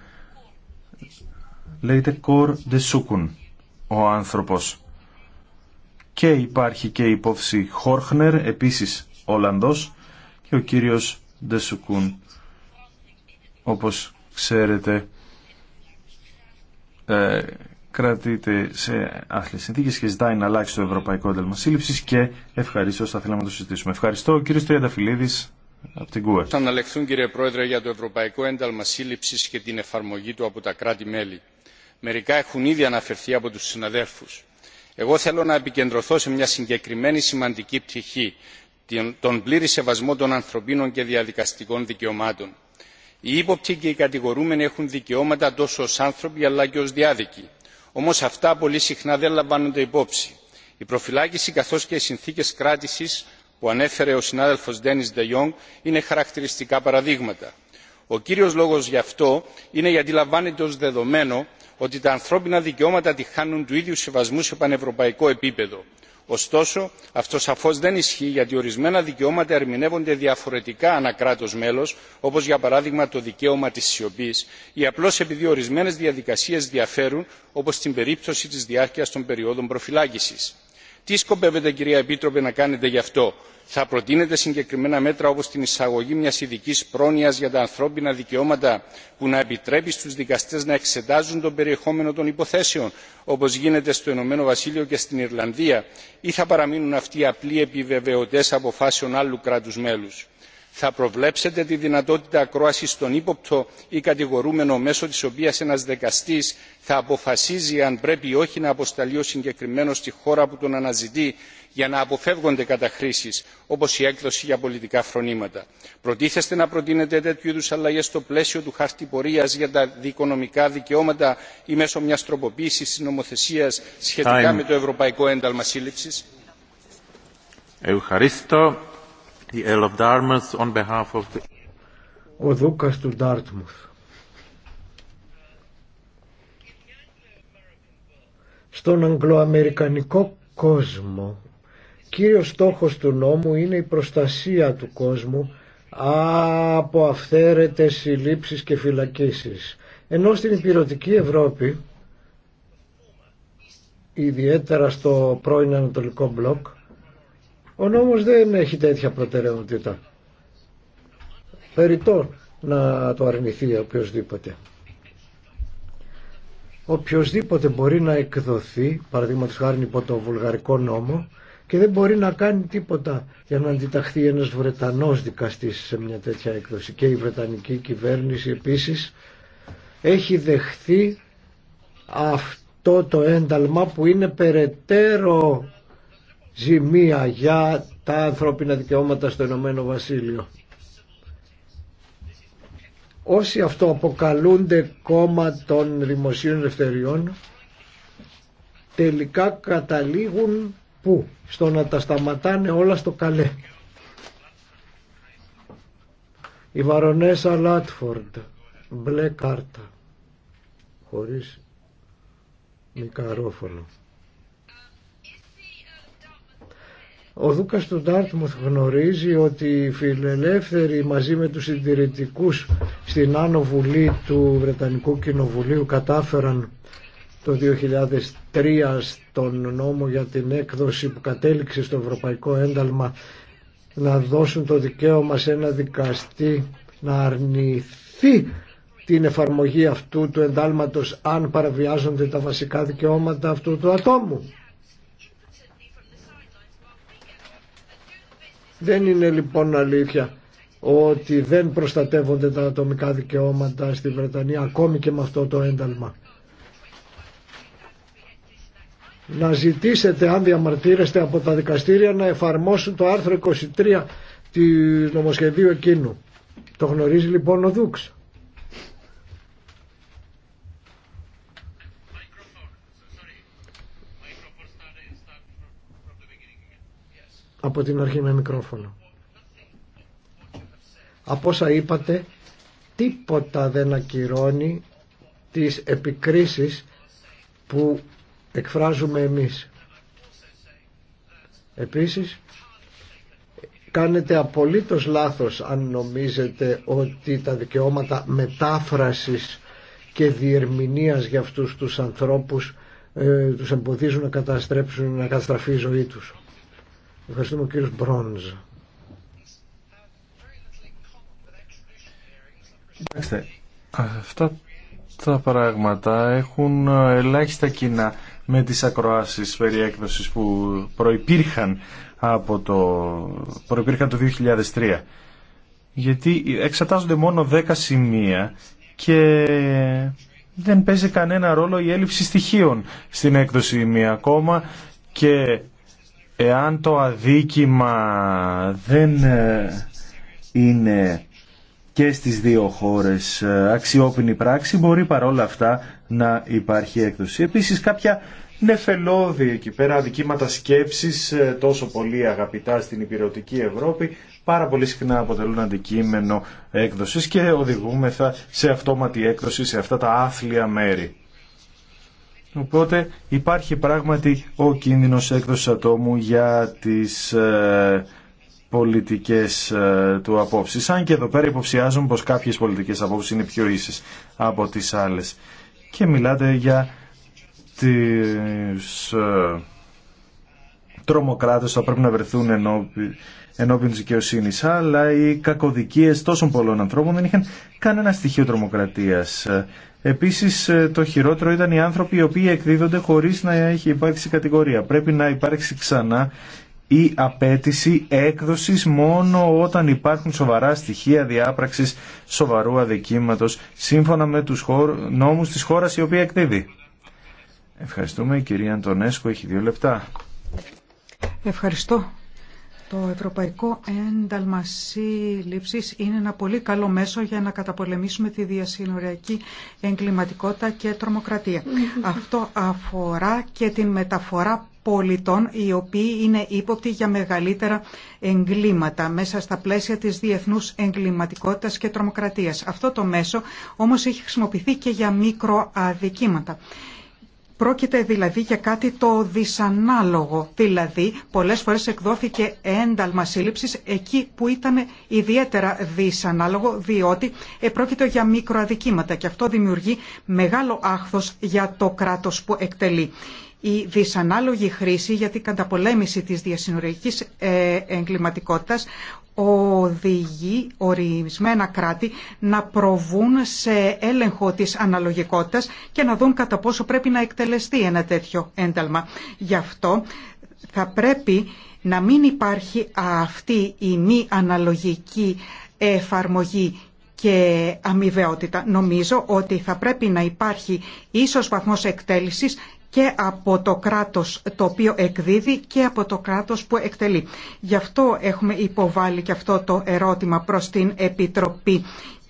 Λέγεται Κορ Ντεσούκουν, ο άνθρωπος. Και υπάρχει και η υπόθεση Χόρχνερ, επίσης Ολλανδός, και ο κύριος Ντεσούκουν, όπως ξέρετε, ε, κρατείται σε άθλιε συνθήκε και ζητάει να αλλάξει το ευρωπαϊκό ένταλμα σύλληψης και ευχαρίστω θα θέλαμε να το συζητήσουμε. Ευχαριστώ. κύριε Τριανταφυλλίδη, θα αναλεχθούν κύριε Πρόεδρε για το Ευρωπαϊκό Ένταλμα σύλληψη και την εφαρμογή του από τα κράτη-μέλη. Μερικά έχουν ήδη αναφερθεί από τους συναδέλφους. Εγώ θέλω να επικεντρωθώ σε μια συγκεκριμένη σημαντική πτυχή, τον πλήρη σεβασμό των ανθρωπίνων και διαδικαστικών δικαιωμάτων. Οι ύποπτοι και οι κατηγορούμενοι έχουν δικαιώματα τόσο ως άνθρωποι αλλά και ως διάδικοι. Όμως αυτά πολύ συχνά δεν λαμβάνονται υπόψη. Η προφυλάκηση καθώς και οι συνθήκες κράτησης που ανέφερε ο συνάδελφος Ντένις γιονγκ είναι χαρακτηριστικά παραδείγματα. Ο κύριος λόγος γι' αυτό είναι γιατί λαμβάνεται ως δεδομένο ότι τα ανθρώπινα δικαιώματα τη χάνουν του ίδιου σεβασμού σε πανευρωπαϊκό επίπεδο. Ωστόσο, αυτό σαφώ δεν ισχύει γιατί ορισμένα δικαιώματα ερμηνεύονται διαφορετικά ανά κράτο μέλο, όπω για παράδειγμα το δικαίωμα τη σιωπή, ή απλώ επειδή ορισμένε διαδικασίε διαφέρουν, όπω στην περίπτωση τη διάρκεια των περιόδων προφυλάκηση τι σκοπεύετε κυρία επίτροπε να κάνετε γι' αυτό; θα προτείνετε συγκεκριμένα μέτρα όπως την εισαγωγή μιας ειδικής πρόνοιας για τα ανθρώπινα δικαιώματα που να επιτρέπει στους δικαστές να εξετάζουν το περιεχόμενο των υποθέσεων όπως γίνεται στο ηνωμένο βασίλειο και στην ιρλανδία ή θα παραμείνουν αυτοί απλοί επιβεβαιωτές αποφάσεων άλλου κράτους μέλους; θα προβλέψετε τη δυνατότητα ακρόασης στον ύποπτο ή κατηγορούμενο μέσω της οποίας ένας δικαστή θα αποφασίζει αν πρέπει ή όχι να αποσταλεί ο συγκεκριμένος στη χώρα που τον αναζητεί για να αποφεύγονται καταχρήσεις όπως η έκδοση για πολιτικά φρονήματα. προτίθεστε να προτείνετε τέτοιου είδους αλλαγές στο πλαίσιο του χάρτη πορείας για τα δικονομικά δικαιώματα ή μέσω μιας τροποποίησης της νομοθεσίας σχετικά με το ευρωπαϊκό ένταλμα σύλληψης the on behalf of the... Ο Δούκας του Ντάρτμουθ. Στον αγγλοαμερικανικό κόσμο, κύριος στόχος του νόμου είναι η προστασία του κόσμου από αυθαίρετες συλλήψεις και φυλακίσεις. Ενώ στην υπηρετική Ευρώπη, ιδιαίτερα στο πρώην Ανατολικό Μπλοκ, ο νόμος δεν έχει τέτοια προτεραιότητα. Περιττό να το αρνηθεί οποιοδήποτε. Οποιοδήποτε μπορεί να εκδοθεί, παραδείγματος χάρη υπό το βουλγαρικό νόμο, και δεν μπορεί να κάνει τίποτα για να αντιταχθεί ένας Βρετανός δικαστής σε μια τέτοια έκδοση. Και η Βρετανική κυβέρνηση επίσης έχει δεχθεί αυτό το ένταλμα που είναι περαιτέρω ζημία για τα ανθρώπινα δικαιώματα στο Ηνωμένο Βασίλειο. Όσοι αυτό αποκαλούνται κόμμα των δημοσίων ελευθεριών τελικά καταλήγουν πού, στο να τα σταματάνε όλα στο καλέ. Η Βαρονέσα Λάτφορντ, μπλε κάρτα, χωρίς μικαρόφωνο Ο Δούκας του Ντάρτμουθ γνωρίζει ότι οι φιλελεύθεροι μαζί με τους συντηρητικού στην Άνω Βουλή του Βρετανικού Κοινοβουλίου κατάφεραν το 2003 στον νόμο για την έκδοση που κατέληξε στο Ευρωπαϊκό Ένταλμα να δώσουν το δικαίωμα σε ένα δικαστή να αρνηθεί την εφαρμογή αυτού του εντάλματος αν παραβιάζονται τα βασικά δικαιώματα αυτού του ατόμου. Δεν είναι λοιπόν αλήθεια ότι δεν προστατεύονται τα ατομικά δικαιώματα στη Βρετανία ακόμη και με αυτό το ένταλμα. Να ζητήσετε αν διαμαρτύρεστε από τα δικαστήρια να εφαρμόσουν το άρθρο 23 του νομοσχεδίου εκείνου. Το γνωρίζει λοιπόν ο Δούξ. από την αρχή με μικρόφωνο. Από όσα είπατε, τίποτα δεν ακυρώνει τις επικρίσεις που εκφράζουμε εμείς. Επίσης, κάνετε απολύτως λάθος αν νομίζετε ότι τα δικαιώματα μετάφρασης και διερμηνίας για αυτούς τους ανθρώπους ε, τους εμποδίζουν να καταστρέψουν, να καταστραφεί η ζωή τους. Ευχαριστούμε ο κύριος Μπρόνζ. Κοιτάξτε, αυτά τα πράγματα έχουν ε, ελάχιστα κοινά με τις ακροάσεις περί έκδοσης που προϋπήρχαν από το, προϋπήρχαν το 2003. Γιατί εξετάζονται μόνο 10 σημεία και δεν παίζει κανένα ρόλο η έλλειψη στοιχείων στην έκδοση μία ακόμα και εάν το αδίκημα δεν ε, είναι και στις δύο χώρες ε, αξιόπινη πράξη, μπορεί παρόλα αυτά να υπάρχει έκδοση. Επίσης κάποια νεφελώδη εκεί πέρα, αδικήματα σκέψης, ε, τόσο πολύ αγαπητά στην υπηρετική Ευρώπη, πάρα πολύ συχνά αποτελούν αντικείμενο έκδοσης και οδηγούμεθα σε αυτόματη έκδοση σε αυτά τα άθλια μέρη. Οπότε υπάρχει πράγματι ο κίνδυνος έκδοσης ατόμου για τις ε, πολιτικές ε, του απόψεις. Αν και εδώ πέρα υποψιάζουν πως κάποιες πολιτικές απόψεις είναι πιο ίσες από τις άλλες. Και μιλάτε για τις ε, τρομοκράτες που θα πρέπει να βρεθούν ενώπι, ενώπιον δικαιοσύνη, αλλά οι κακοδικίες τόσων πολλών ανθρώπων δεν είχαν κανένα στοιχείο τρομοκρατίας. Επίσης ε, το χειρότερο ήταν οι άνθρωποι οι οποίοι εκδίδονται χωρίς να έχει υπάρξει κατηγορία. Πρέπει να υπάρξει ξανά η απέτηση έκδοσης μόνο όταν υπάρχουν σοβαρά στοιχεία διάπραξης σοβαρού αδικήματος σύμφωνα με τους νόμους της χώρας η οποία εκδίδει. Ευχαριστούμε. Η κυρία Αντωνέσκο έχει δύο λεπτά. Ευχαριστώ το Ευρωπαϊκό Ένταλμα Σύλληψη είναι ένα πολύ καλό μέσο για να καταπολεμήσουμε τη διασυνοριακή εγκληματικότητα και τρομοκρατία. Αυτό αφορά και την μεταφορά πολιτών οι οποίοι είναι ύποπτοι για μεγαλύτερα εγκλήματα μέσα στα πλαίσια της διεθνούς εγκληματικότητας και τρομοκρατίας. Αυτό το μέσο όμως έχει χρησιμοποιηθεί και για μικροαδικήματα. Πρόκειται δηλαδή για κάτι το δυσανάλογο, δηλαδή πολλές φορές εκδόθηκε ένταλμα σύλληψης εκεί που ήταν ιδιαίτερα δυσανάλογο διότι πρόκειται για μικροαδικήματα και αυτό δημιουργεί μεγάλο άχθος για το κράτος που εκτελεί. Η δυσανάλογη χρήση για την καταπολέμηση της διασυνοριακής ε, εγκληματικότητας οδηγεί ορισμένα κράτη να προβούν σε έλεγχο της αναλογικότητας και να δουν κατά πόσο πρέπει να εκτελεστεί ένα τέτοιο ένταλμα. Γι' αυτό θα πρέπει να μην υπάρχει αυτή η μη αναλογική εφαρμογή και αμοιβαιότητα. Νομίζω ότι θα πρέπει να υπάρχει ίσως βαθμός εκτέλεσης και από το κράτος το οποίο εκδίδει και από το κράτος που εκτελεί. Γι' αυτό έχουμε υποβάλει και αυτό το ερώτημα προς την Επιτροπή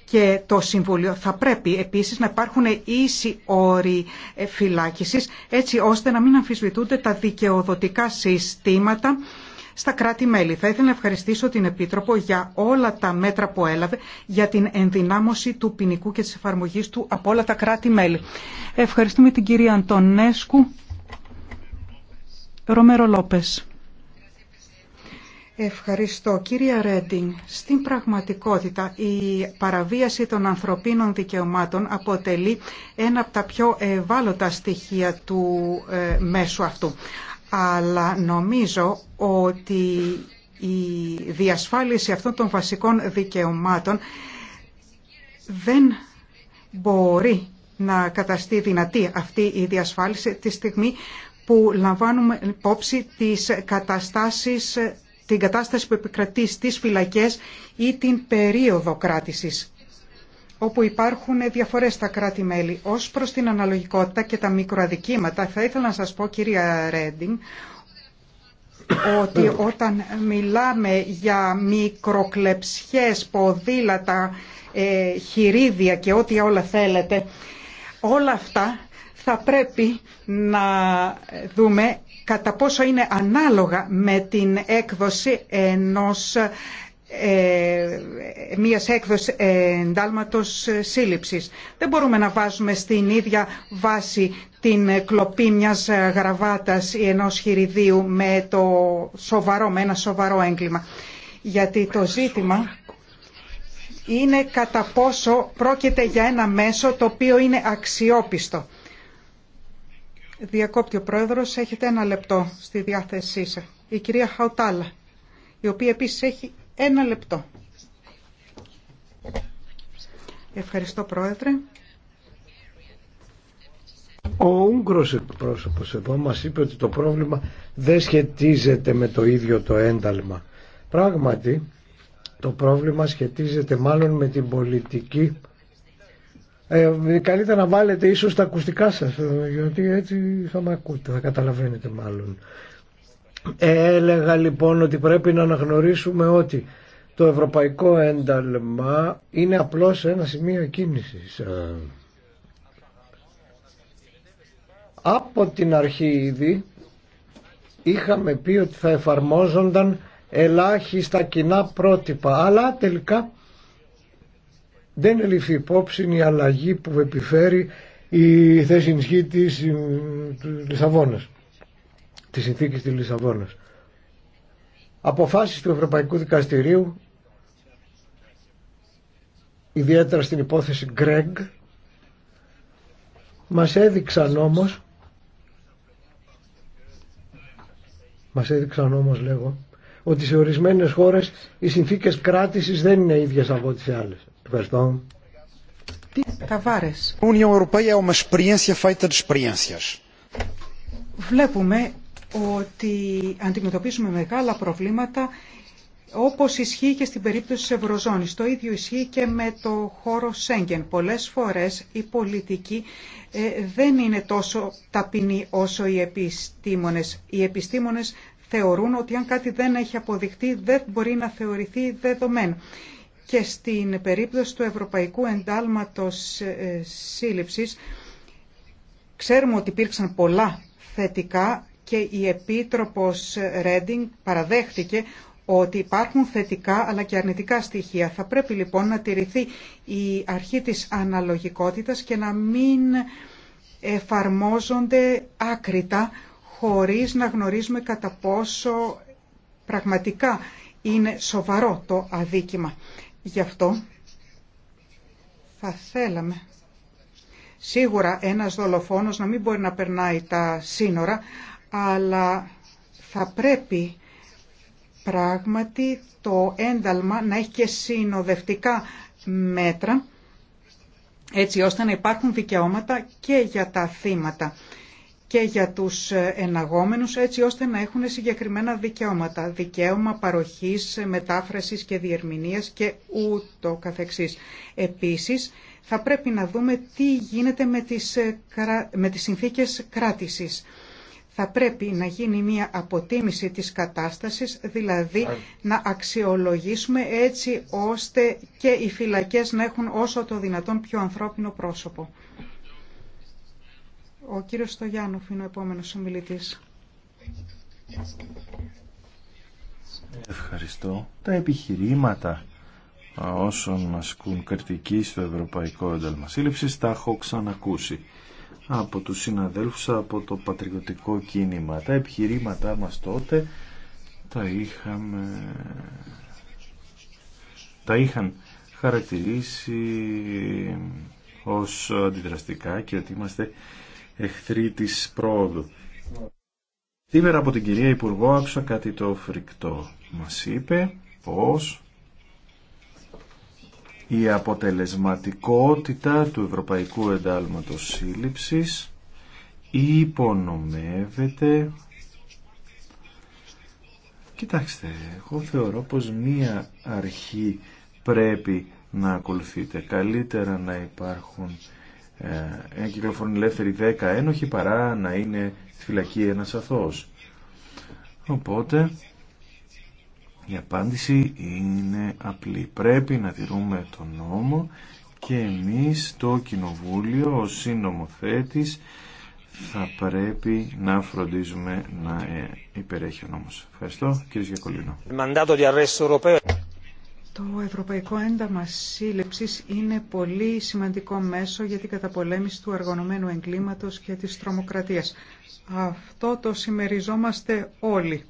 και το Συμβούλιο. Θα πρέπει επίσης να υπάρχουν ίσοι όροι φυλάκισης έτσι ώστε να μην αμφισβητούνται τα δικαιοδοτικά συστήματα στα κράτη-μέλη. Θα ήθελα να ευχαριστήσω την Επίτροπο για όλα τα μέτρα που έλαβε για την ενδυνάμωση του ποινικού και της εφαρμογής του από όλα τα κράτη-μέλη. Ευχαριστούμε την κυρία Αντωνέσκου. Ρομέρο Λόπες. Ευχαριστώ. κυρία Ρέντινγκ, στην πραγματικότητα η παραβίαση των ανθρωπίνων δικαιωμάτων αποτελεί ένα από τα πιο ευάλωτα στοιχεία του ε, μέσου αυτού αλλά νομίζω ότι η διασφάλιση αυτών των βασικών δικαιωμάτων δεν μπορεί να καταστεί δυνατή αυτή η διασφάλιση τη στιγμή που λαμβάνουμε υπόψη τις καταστάσεις, την κατάσταση που επικρατεί στις φυλακές ή την περίοδο κράτησης όπου υπάρχουν διαφορέ στα κράτη-μέλη. Ως προς την αναλογικότητα και τα μικροαδικήματα, θα ήθελα να σας πω, κυρία Ρέντινγκ, ότι όταν μιλάμε για μικροκλεψιές, ποδήλατα, ε, χειρίδια και ό,τι όλα θέλετε, όλα αυτά θα πρέπει να δούμε κατά πόσο είναι ανάλογα με την έκδοση ενός ε, μίας έκδοσης εντάλματος σύλληψης. Δεν μπορούμε να βάζουμε στην ίδια βάση την κλοπή μιας γραβάτας ή ενός χειριδίου με, το σοβαρό, με ένα σοβαρό έγκλημα. Γιατί το ζήτημα είναι κατά πόσο πρόκειται για ένα μέσο το οποίο είναι αξιόπιστο. Διακόπτει ο Πρόεδρος, έχετε ένα λεπτό στη διάθεσή σας. Η κυρία Χαουτάλα, η οποία επίσης έχει ένα λεπτό. Ευχαριστώ Πρόεδρε. Ο Ούγκρος εκπρόσωπος εδώ μας είπε ότι το πρόβλημα δεν σχετίζεται με το ίδιο το ένταλμα. Πράγματι, το πρόβλημα σχετίζεται μάλλον με την πολιτική. Ε, καλύτερα να βάλετε ίσως τα ακουστικά σας, ε, γιατί έτσι θα με ακούτε, θα καταλαβαίνετε μάλλον. Έλεγα λοιπόν ότι πρέπει να αναγνωρίσουμε ότι το ευρωπαϊκό ένταλμα είναι απλώς ένα σημείο κίνησης. Ε, από την αρχή ήδη είχαμε πει ότι θα εφαρμόζονταν ελάχιστα κοινά πρότυπα, αλλά τελικά δεν ελήφθη υπόψη η αλλαγή που επιφέρει η θέση ενισχύ της ε, Λισαβόνας. Τη συνθήκη τη Λισαβόνα. Αποφάσει του Ευρωπαϊκού Δικαστηρίου, ιδιαίτερα στην υπόθεση Γκρέγκ, μας έδειξαν όμως, μας έδειξαν όμως λέγω, ότι σε ορισμένες χώρες οι συνθήκες κράτησης δεν είναι ίδιες από ό,τι σε άλλες. Ευχαριστώ. Βλέπουμε ότι αντιμετωπίζουμε μεγάλα προβλήματα όπως ισχύει και στην περίπτωση της Ευρωζώνης. Το ίδιο ισχύει και με το χώρο Σέγγεν. Πολλές φορές η πολιτική ε, δεν είναι τόσο ταπεινή όσο οι επιστήμονες. Οι επιστήμονες θεωρούν ότι αν κάτι δεν έχει αποδειχτεί δεν μπορεί να θεωρηθεί δεδομένο. Και στην περίπτωση του Ευρωπαϊκού Εντάλματος ε, ε, Σύλληψης ξέρουμε ότι υπήρξαν πολλά θετικά και η Επίτροπος Ρέντινγκ παραδέχτηκε ότι υπάρχουν θετικά αλλά και αρνητικά στοιχεία. Θα πρέπει λοιπόν να τηρηθεί η αρχή της αναλογικότητας και να μην εφαρμόζονται άκρητα χωρίς να γνωρίζουμε κατά πόσο πραγματικά είναι σοβαρό το αδίκημα. Γι' αυτό θα θέλαμε σίγουρα ένας δολοφόνος να μην μπορεί να περνάει τα σύνορα, αλλά θα πρέπει πράγματι το ένταλμα να έχει και συνοδευτικά μέτρα έτσι ώστε να υπάρχουν δικαιώματα και για τα θύματα και για τους εναγόμενους έτσι ώστε να έχουν συγκεκριμένα δικαιώματα, δικαίωμα παροχής, μετάφρασης και διερμηνίας και ούτω καθεξής. Επίσης, θα πρέπει να δούμε τι γίνεται με τις, ε, με τις συνθήκες κράτησης θα πρέπει να γίνει μια αποτίμηση της κατάστασης, δηλαδή να αξιολογήσουμε έτσι ώστε και οι φυλακές να έχουν όσο το δυνατόν πιο ανθρώπινο πρόσωπο. Ο κύριος Στογιάννουφ είναι ο επόμενος ομιλητής. Ευχαριστώ. Τα επιχειρήματα όσων ασκούν κριτική στο Ευρωπαϊκό Ένταλμα Σύλληψης τα έχω ξανακούσει από τους συναδέλφους από το πατριωτικό κίνημα. Τα επιχειρήματά μας τότε τα είχαμε τα είχαν χαρακτηρίσει ως αντιδραστικά και ότι είμαστε εχθροί της πρόοδου. Σήμερα από την κυρία Υπουργό άκουσα κάτι το φρικτό. Μας είπε πως η αποτελεσματικότητα του Ευρωπαϊκού Εντάλματος Σύλληψης υπονομεύεται Κοιτάξτε, εγώ θεωρώ πως μία αρχή πρέπει να ακολουθείτε. Καλύτερα να υπάρχουν ε, κυκλοφορούν ελεύθεροι 10 ένοχοι παρά να είναι στη φυλακή ένας αθώος. Οπότε η απάντηση είναι απλή. Πρέπει να τηρούμε τον νόμο και εμείς το Κοινοβούλιο, ο συνομοθέτης, θα πρέπει να φροντίζουμε να ε, υπερέχει ο νόμος. Ευχαριστώ. Κύριε Γιακολίνο. Το Ευρωπαϊκό Ένταμα Σύλληψης είναι πολύ σημαντικό μέσο για την καταπολέμηση του αργωνωμένου εγκλήματος και της τρομοκρατίας. Αυτό το συμμεριζόμαστε όλοι.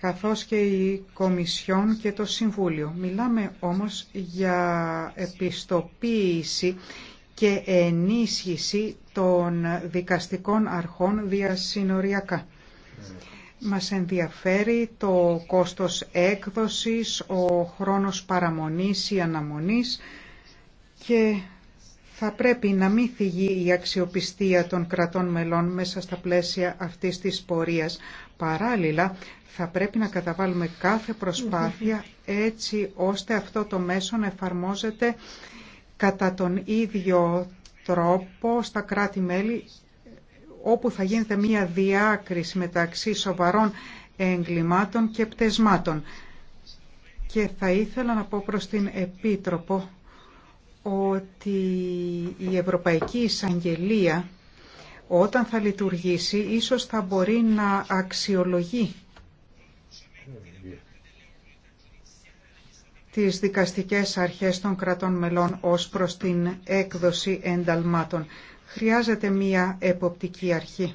καθώς και η Κομισιόν και το Συμβούλιο. Μιλάμε όμως για επιστοποίηση και ενίσχυση των δικαστικών αρχών διασυνοριακά. Mm. Μας ενδιαφέρει το κόστος έκδοσης, ο χρόνος παραμονής ή αναμονής και θα πρέπει να μην θυγεί η αξιοπιστία των κρατών μελών μέσα στα πλαίσια αυτής της πορείας. Παράλληλα, θα πρέπει να καταβάλουμε κάθε προσπάθεια έτσι ώστε αυτό το μέσο να εφαρμόζεται κατά τον ίδιο τρόπο στα κράτη-μέλη όπου θα γίνεται μία διάκριση μεταξύ σοβαρών εγκλημάτων και πτεσμάτων. Και θα ήθελα να πω προς την Επίτροπο ότι η Ευρωπαϊκή Εισαγγελία όταν θα λειτουργήσει ίσως θα μπορεί να αξιολογεί τις δικαστικές αρχές των κρατών μελών ως προς την έκδοση ενταλμάτων. Χρειάζεται μία εποπτική αρχή.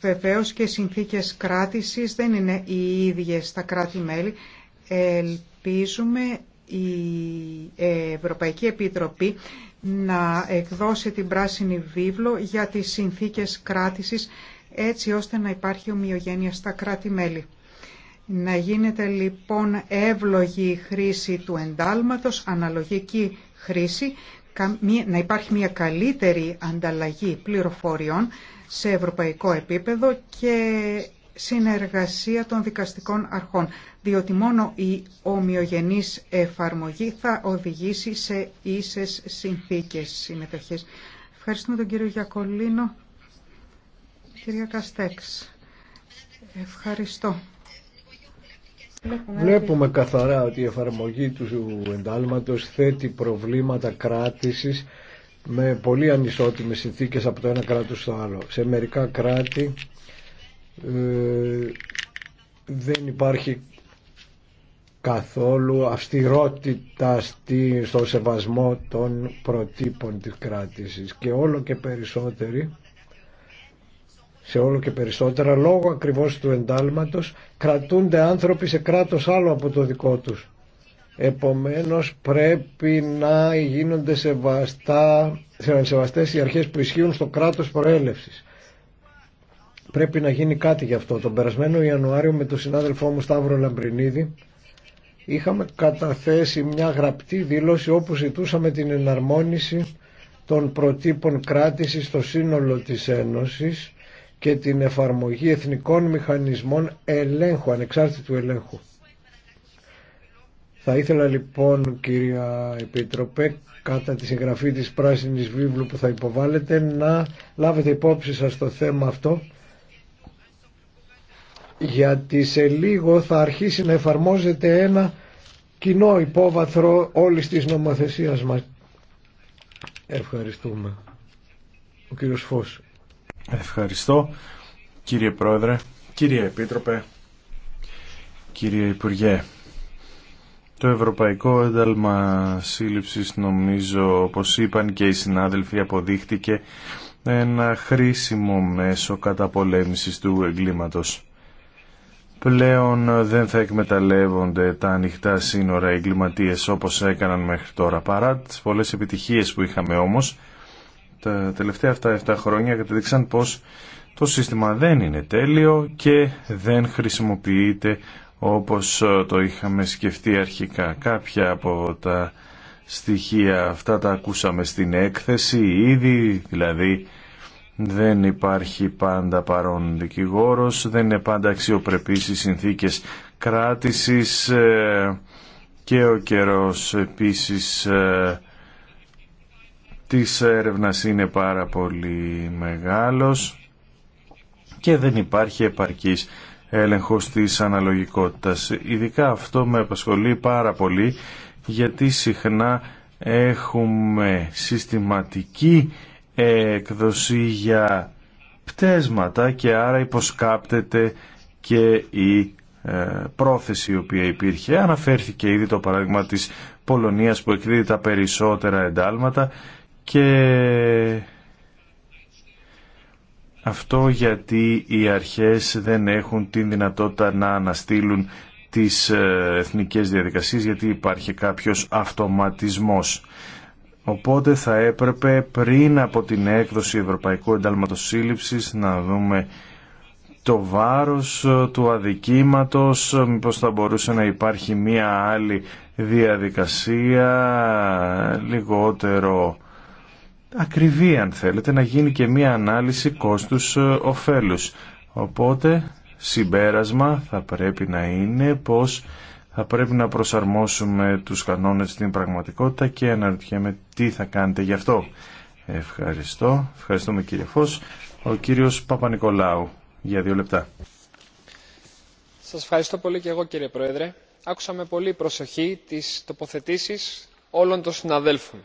Βεβαίως και συνθήκες κράτησης δεν είναι οι ίδιες στα κράτη-μέλη. Ελπίζουμε η Ευρωπαϊκή Επιτροπή να εκδώσει την πράσινη βίβλο για τις συνθήκες κράτησης έτσι ώστε να υπάρχει ομοιογένεια στα κράτη-μέλη. Να γίνεται λοιπόν εύλογη χρήση του εντάλματος, αναλογική χρήση, να υπάρχει μια καλύτερη ανταλλαγή πληροφοριών σε ευρωπαϊκό επίπεδο και συνεργασία των δικαστικών αρχών, διότι μόνο η ομοιογενής εφαρμογή θα οδηγήσει σε ίσες συνθήκες συμμετοχής. Ευχαριστούμε τον κύριο Γιακολίνο. Κυρία Καστέξ, ευχαριστώ. Βλέπουμε καθαρά ότι η εφαρμογή του εντάλματος θέτει προβλήματα κράτησης με πολύ ανισότιμες συνθήκες από το ένα κράτος στο άλλο. Σε μερικά κράτη ε, δεν υπάρχει καθόλου αυστηρότητα στο σεβασμό των προτύπων της κράτησης και όλο και περισσότεροι σε όλο και περισσότερα λόγω ακριβώς του εντάλματος κρατούνται άνθρωποι σε κράτος άλλο από το δικό τους επομένως πρέπει να γίνονται σεβαστά, σεβαστές οι αρχές που ισχύουν στο κράτος προέλευσης Πρέπει να γίνει κάτι γι' αυτό. Τον περασμένο Ιανουάριο με τον συνάδελφό μου Σταύρο Λαμπρινίδη είχαμε καταθέσει μια γραπτή δήλωση όπου ζητούσαμε την εναρμόνιση των προτύπων κράτησης στο σύνολο της Ένωσης και την εφαρμογή εθνικών μηχανισμών ελέγχου, ανεξάρτητου ελέγχου. Θα ήθελα λοιπόν κυρία Επίτροπε κατά τη συγγραφή της πράσινης βίβλου που θα υποβάλλετε να λάβετε υπόψη σας το θέμα αυτό γιατί σε λίγο θα αρχίσει να εφαρμόζεται ένα κοινό υπόβαθρο όλης της νομοθεσίας μας. Ευχαριστούμε. Ο κύριος Φως. Ευχαριστώ κύριε Πρόεδρε, κύριε Επίτροπε, κύριε Υπουργέ. Το Ευρωπαϊκό Ένταλμα Σύλληψης νομίζω, όπως είπαν και οι συνάδελφοι, αποδείχτηκε ένα χρήσιμο μέσο καταπολέμησης του εγκλήματος πλέον δεν θα εκμεταλλεύονται τα ανοιχτά σύνορα εγκληματίες όπως έκαναν μέχρι τώρα. Παρά τις πολλές επιτυχίες που είχαμε όμως, τα τελευταία αυτά 7 χρόνια κατεδείξαν πως το σύστημα δεν είναι τέλειο και δεν χρησιμοποιείται όπως το είχαμε σκεφτεί αρχικά. Κάποια από τα στοιχεία αυτά τα ακούσαμε στην έκθεση ήδη, δηλαδή δεν υπάρχει πάντα παρόν δικηγόρος, δεν είναι πάντα αξιοπρεπής οι συνθήκες κράτησης ε, και ο καιρός επίσης ε, της έρευνα είναι πάρα πολύ μεγάλος και δεν υπάρχει επαρκής έλεγχος της αναλογικότητας. Ειδικά αυτό με απασχολεί πάρα πολύ γιατί συχνά έχουμε συστηματική έκδοση για πτέσματα και άρα υποσκάπτεται και η ε, πρόθεση η οποία υπήρχε. Αναφέρθηκε ήδη το παράδειγμα της Πολωνίας που εκδίδει τα περισσότερα εντάλματα και αυτό γιατί οι αρχές δεν έχουν την δυνατότητα να αναστείλουν τις ε, εθνικές διαδικασίες γιατί υπάρχει κάποιος αυτοματισμός. Οπότε θα έπρεπε πριν από την έκδοση Ευρωπαϊκού Εντάλματος να δούμε το βάρος ε, του αδικήματος, ε, μήπως θα μπορούσε να υπάρχει μία άλλη διαδικασία, ε, λιγότερο ακριβή αν θέλετε, να γίνει και μία ανάλυση κόστους οφέλους. Οπότε συμπέρασμα θα πρέπει να είναι πως θα πρέπει να προσαρμόσουμε τους κανόνες στην πραγματικότητα και αναρωτιέμαι τι θα κάνετε γι' αυτό. Ευχαριστώ. Ευχαριστούμε κύριε Φως. Ο κύριος Παπα-Νικολάου για δύο λεπτά. Σας ευχαριστώ πολύ και εγώ κύριε Πρόεδρε. Άκουσα με πολύ προσοχή τις τοποθετήσεις όλων των συναδέλφων.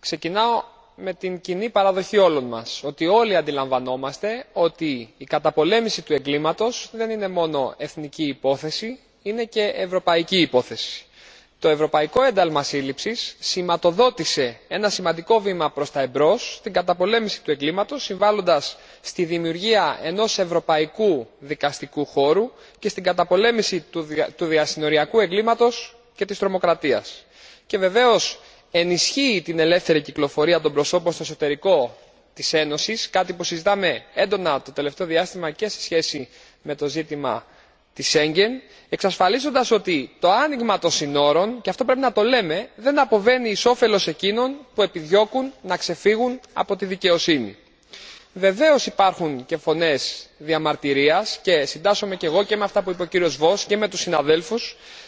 Ξεκινάω με την κοινή παραδοχή όλων μας, ότι όλοι αντιλαμβανόμαστε ότι η καταπολέμηση του εγκλήματος δεν είναι μόνο εθνική υπόθεση, είναι και ευρωπαϊκή υπόθεση. το ευρωπαϊκό ένταλμα σύλληψης σηματοδότησε ένα σημαντικό βήμα προς τα εμπρός στην καταπολέμηση του εγκλήματος συμβάλλοντας στη δημιουργία ενός ευρωπαϊκού δικαστικού χώρου και στην καταπολέμηση του διασυνοριακού εγκλήματος και της τρομοκρατίας και βεβαίως ενισχύει την ελεύθερη κυκλοφορία των προσώπων στο εσωτερικό της ένωσης κάτι που συζητάμε έντονα το τελευταίο διάστημα και σε σχέση με το ζήτημα τη σέγγεν εξασφαλίζοντα ότι το άνοιγμα των συνόρων και αυτό πρέπει να το λέμε δεν αποβαίνει ει όφελο εκείνων που επιδιώκουν να ξεφύγουν από τη δικαιοσύνη. Βεβαίω υπάρχουν και φωνέ διαμαρτυρία και συντάσσομαι και εγώ και με αυτά που είπε ο κύριο Βό και με του συναδέλφου,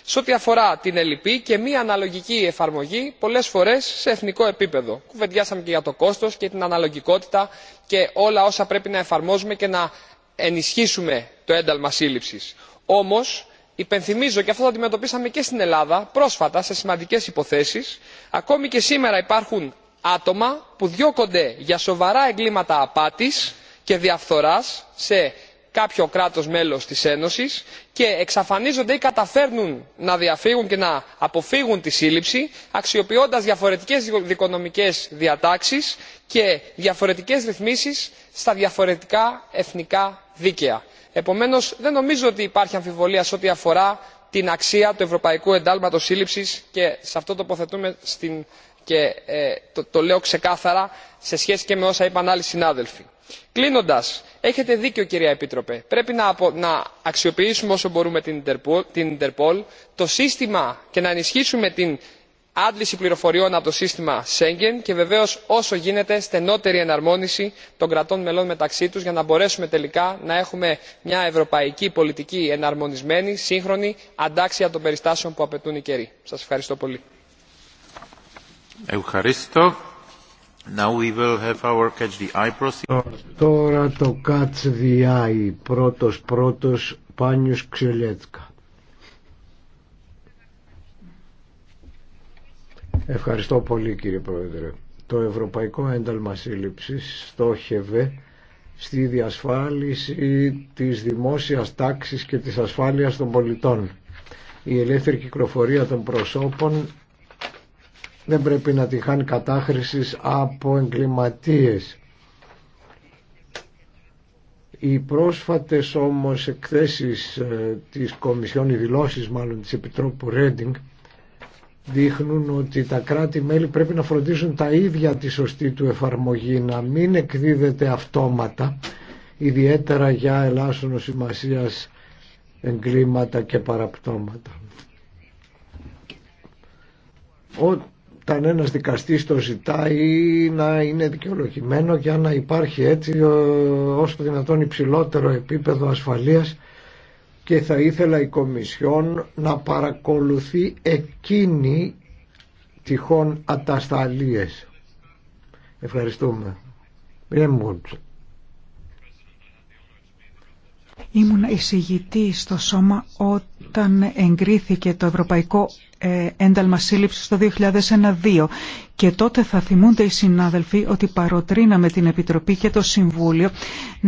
σε ό,τι αφορά την ελλειπή και μη αναλογική εφαρμογή πολλέ φορέ σε εθνικό επίπεδο. κουβεντιάσαμε και για το κόστο και την αναλογικότητα και όλα όσα πρέπει να εφαρμόζουμε και να ενισχύσουμε το ένταλμα σύλληψη. Όμω, υπενθυμίζω και αυτό το αντιμετωπίσαμε και στην ελλάδα πρόσφατα σε σημαντικές υποθέσεις ακόμη και σήμερα υπάρχουν άτομα που διώκονται για σοβαρά εγκλήματα απάτης και διαφθοράς σε κάποιο κράτος μέλος της ένωσης και εξαφανίζονται ή καταφέρνουν να διαφύγουν και να αποφύγουν τη σύλληψη αξιοποιώντα διαφορετικέ δικονομικέ διατάξει και διαφορετικές ρυθμίσει στα διαφορετικά εθνικά δίκαια επομένως δεν νομίζω ότι υπάρχει αμφιβολία σε ό,τι αφορά την αξία του ευρωπαϊκού εντάλματο σύλληψη και σε αυτό τοποθετούμε και ε, το λέω ξεκάθαρα σε σχέση και με όσα είπαν άλλοι συνάδελφοι. Κλείνοντα έχετε δίκιο κυρία επίτροπε πρέπει να αξιοποιήσουμε όσο μπορούμε την Ιντερπόλ, το σύστημα και να ενισχύσουμε την άντληση πληροφοριών από το σύστημα σέγγεν και βεβαίως όσο γίνεται στενότερη εναρμόνιση των κρατών μελών μεταξύ τους για να μπορέσουμε τελικά να έχουμε μια ευρωπαϊκή πολιτική εναρμονισμένη σύγχρονη αντάξια των περιστάσεων που απαιτούν οι καιροί. Σας ευχαριστώ πολύ. Ευχαριστώ πολύ κύριε Πρόεδρε. Το Ευρωπαϊκό Ένταλμα Σύλληψης στόχευε στη διασφάλιση της δημόσιας τάξης και της ασφάλειας των πολιτών. Η ελεύθερη κυκλοφορία των προσώπων δεν πρέπει να τη χάνει κατάχρησης από εγκληματίες. Οι πρόσφατες όμως εκθέσεις ε, της Κομισιόν, οι δηλώσεις μάλλον της Επιτρόπου Ρέντινγκ, δείχνουν ότι τα κράτη-μέλη πρέπει να φροντίσουν τα ίδια τη σωστή του εφαρμογή, να μην εκδίδεται αυτόματα, ιδιαίτερα για ελάσσονο σημασία εγκλήματα και παραπτώματα. Όταν ένας δικαστής το ζητάει να είναι δικαιολογημένο για να υπάρχει έτσι ως δυνατόν υψηλότερο επίπεδο ασφαλείας και θα ήθελα η Κομισιόν να παρακολουθεί εκείνη τυχόν ατασταλίες. Ευχαριστούμε. Ήμουν εισηγητή στο σώμα όταν εγκρίθηκε το Ευρωπαϊκό ε, ένταλμα σύλληψη το 2001-2 και τότε θα θυμούνται οι συνάδελφοι ότι παροτρύναμε την Επιτροπή και το Συμβούλιο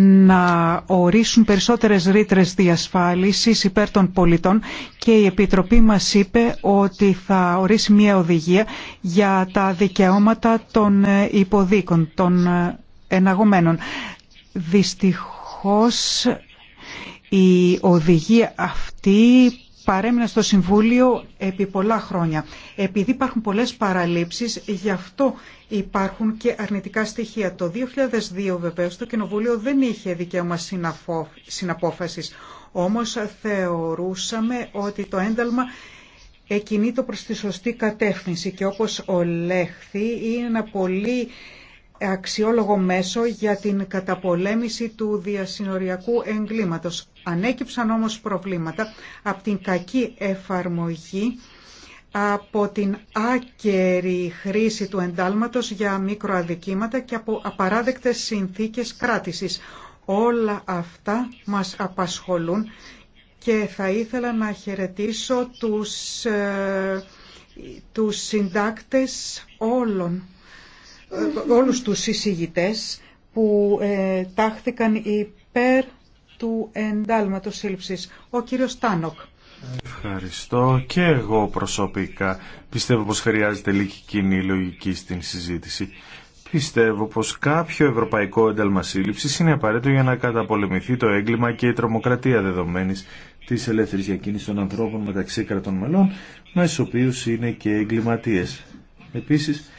να ορίσουν περισσότερες ρήτρε διασφάλισης υπέρ των πολιτών και η Επιτροπή μας είπε ότι θα ορίσει μια οδηγία για τα δικαιώματα των ε, υποδίκων, των ε, εναγωμένων. Δυστυχώς η οδηγία αυτή παρέμεινα στο Συμβούλιο επί πολλά χρόνια. Επειδή υπάρχουν πολλές παραλήψεις, γι' αυτό υπάρχουν και αρνητικά στοιχεία. Το 2002 βεβαίως το Κοινοβούλιο δεν είχε δικαίωμα συναπόφασης. Όμως θεωρούσαμε ότι το ένταλμα εκινεί το προς τη σωστή κατεύθυνση και όπως ολέχθη είναι ένα πολύ αξιόλογο μέσο για την καταπολέμηση του διασυνοριακού εγκλήματος. Ανέκυψαν όμως προβλήματα από την κακή εφαρμογή από την άκερη χρήση του εντάλματος για μικροαδικήματα και από απαράδεκτες συνθήκες κράτησης. Όλα αυτά μας απασχολούν και θα ήθελα να χαιρετήσω τους, ε, τους συντάκτες όλων ε, όλους τους εισηγητές που ε, τάχθηκαν υπέρ του εντάλματος σύλληψης. Ο κύριος Τάνοκ. Ευχαριστώ και εγώ προσωπικά. Πιστεύω πως χρειάζεται λίγη κοινή λογική στην συζήτηση. Πιστεύω πως κάποιο ευρωπαϊκό ένταλμα σύλληψης είναι απαραίτητο για να καταπολεμηθεί το έγκλημα και η τρομοκρατία δεδομένης της ελεύθερης διακίνησης των ανθρώπων μεταξύ κρατών μελών, με οποίου είναι και εγκληματίες. Επίσης,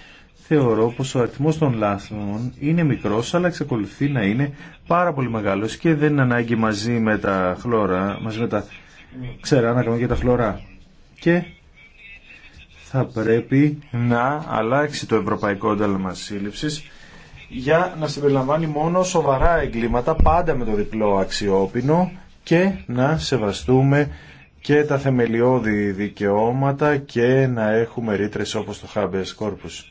θεωρώ πως ο αριθμός των λάθων είναι μικρός αλλά εξακολουθεί να είναι πάρα πολύ μεγάλος και δεν είναι ανάγκη μαζί με τα χλώρα, μαζί με τα ξερά να κάνουμε και τα χλωρά. Και θα πρέπει να αλλάξει το Ευρωπαϊκό Ένταλμα για να συμπεριλαμβάνει μόνο σοβαρά εγκλήματα πάντα με το διπλό αξιόπινο και να σεβαστούμε και τα θεμελιώδη δικαιώματα και να έχουμε ρήτρες όπως το Habeas Corpus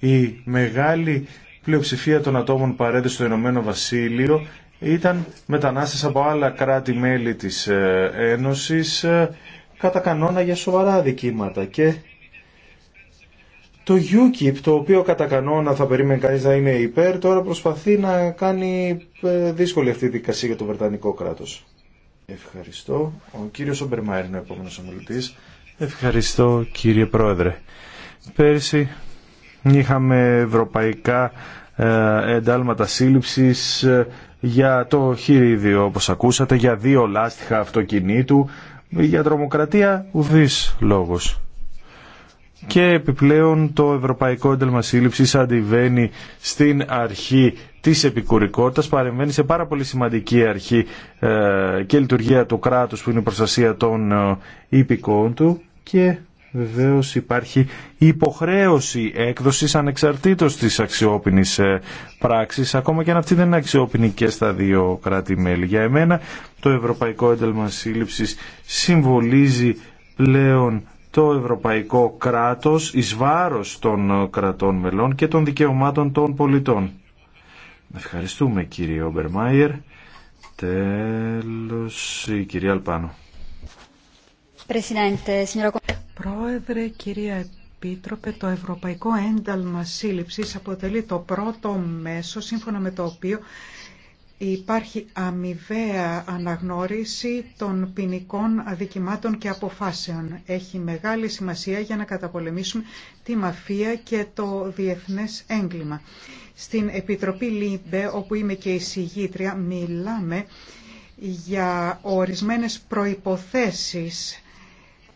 η μεγάλη πλειοψηφία των ατόμων παρέντε στο Ηνωμένο Βασίλειο ήταν μετανάστες από άλλα κράτη-μέλη της ε, Ένωσης ε, κατά κανόνα για σοβαρά δικήματα και το UKIP, το οποίο κατά κανόνα θα περίμενε κανείς να είναι υπέρ, τώρα προσπαθεί να κάνει ε, δύσκολη αυτή η δικασία για το Βρετανικό κράτος. Ευχαριστώ. Ο κύριος Ομπερμάιρ είναι ο επόμενος ομιλητής. Ευχαριστώ κύριε Πρόεδρε. Πέρσι Είχαμε ευρωπαϊκά ε, εντάλματα σύλληψης ε, για το χειρίδιο όπως ακούσατε, για δύο λάστιχα αυτοκινήτου, για τρομοκρατία ουδής λόγος. Και επιπλέον το Ευρωπαϊκό Ένταλμα Σύλληψης αντιβαίνει στην αρχή της επικουρικότητας, παρεμβαίνει σε πάρα πολύ σημαντική αρχή ε, και λειτουργία του κράτους που είναι η προστασία των υπηκών του και Βεβαίως υπάρχει υποχρέωση έκδοσης ανεξαρτήτως της αξιόπινης ε, πράξης, ακόμα και αν αυτή δεν είναι αξιόπινη και στα δύο κράτη-μέλη. Για εμένα το Ευρωπαϊκό Ένταλμα Σύλληψης συμβολίζει πλέον το ευρωπαϊκό κράτος εις βάρος των κρατών μελών και των δικαιωμάτων των πολιτών. Ευχαριστούμε κύριε Μάιερ. Τέλος η κυρία Αλπάνο. Πρόεδρε, κυρία Επίτροπε, το Ευρωπαϊκό Ένταλμα Σύλληψης αποτελεί το πρώτο μέσο σύμφωνα με το οποίο υπάρχει αμοιβαία αναγνώριση των ποινικών αδικημάτων και αποφάσεων. Έχει μεγάλη σημασία για να καταπολεμήσουμε τη μαφία και το διεθνές έγκλημα. Στην Επιτροπή ΛΥΜΠΕ, όπου είμαι και η συγγήτρια, μιλάμε για ορισμένες προϋποθέσεις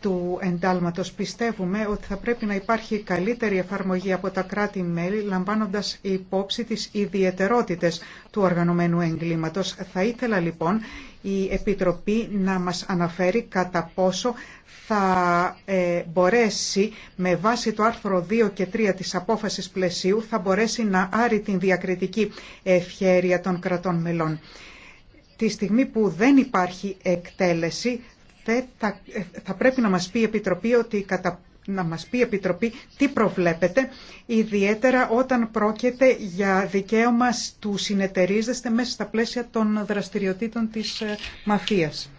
του εντάλματος. Πιστεύουμε ότι θα πρέπει να υπάρχει καλύτερη εφαρμογή από τα κράτη-μέλη, λαμβάνοντας υπόψη τις ιδιαιτερότητες του οργανωμένου εγκλήματος. Θα ήθελα λοιπόν η Επιτροπή να μας αναφέρει κατά πόσο θα ε, μπορέσει με βάση το άρθρο 2 και 3 της απόφασης πλαισίου θα μπορέσει να άρει την διακριτική ευχέρεια των κρατών μελών. Τη στιγμή που δεν υπάρχει εκτέλεση ε, θα, πρέπει να μας πει η Επιτροπή ότι κατά να μας πει Επιτροπή τι προβλέπετε, ιδιαίτερα όταν πρόκειται για δικαίωμα του συνεταιρίζεστε μέσα στα πλαίσια των δραστηριοτήτων της ε, μαφίας.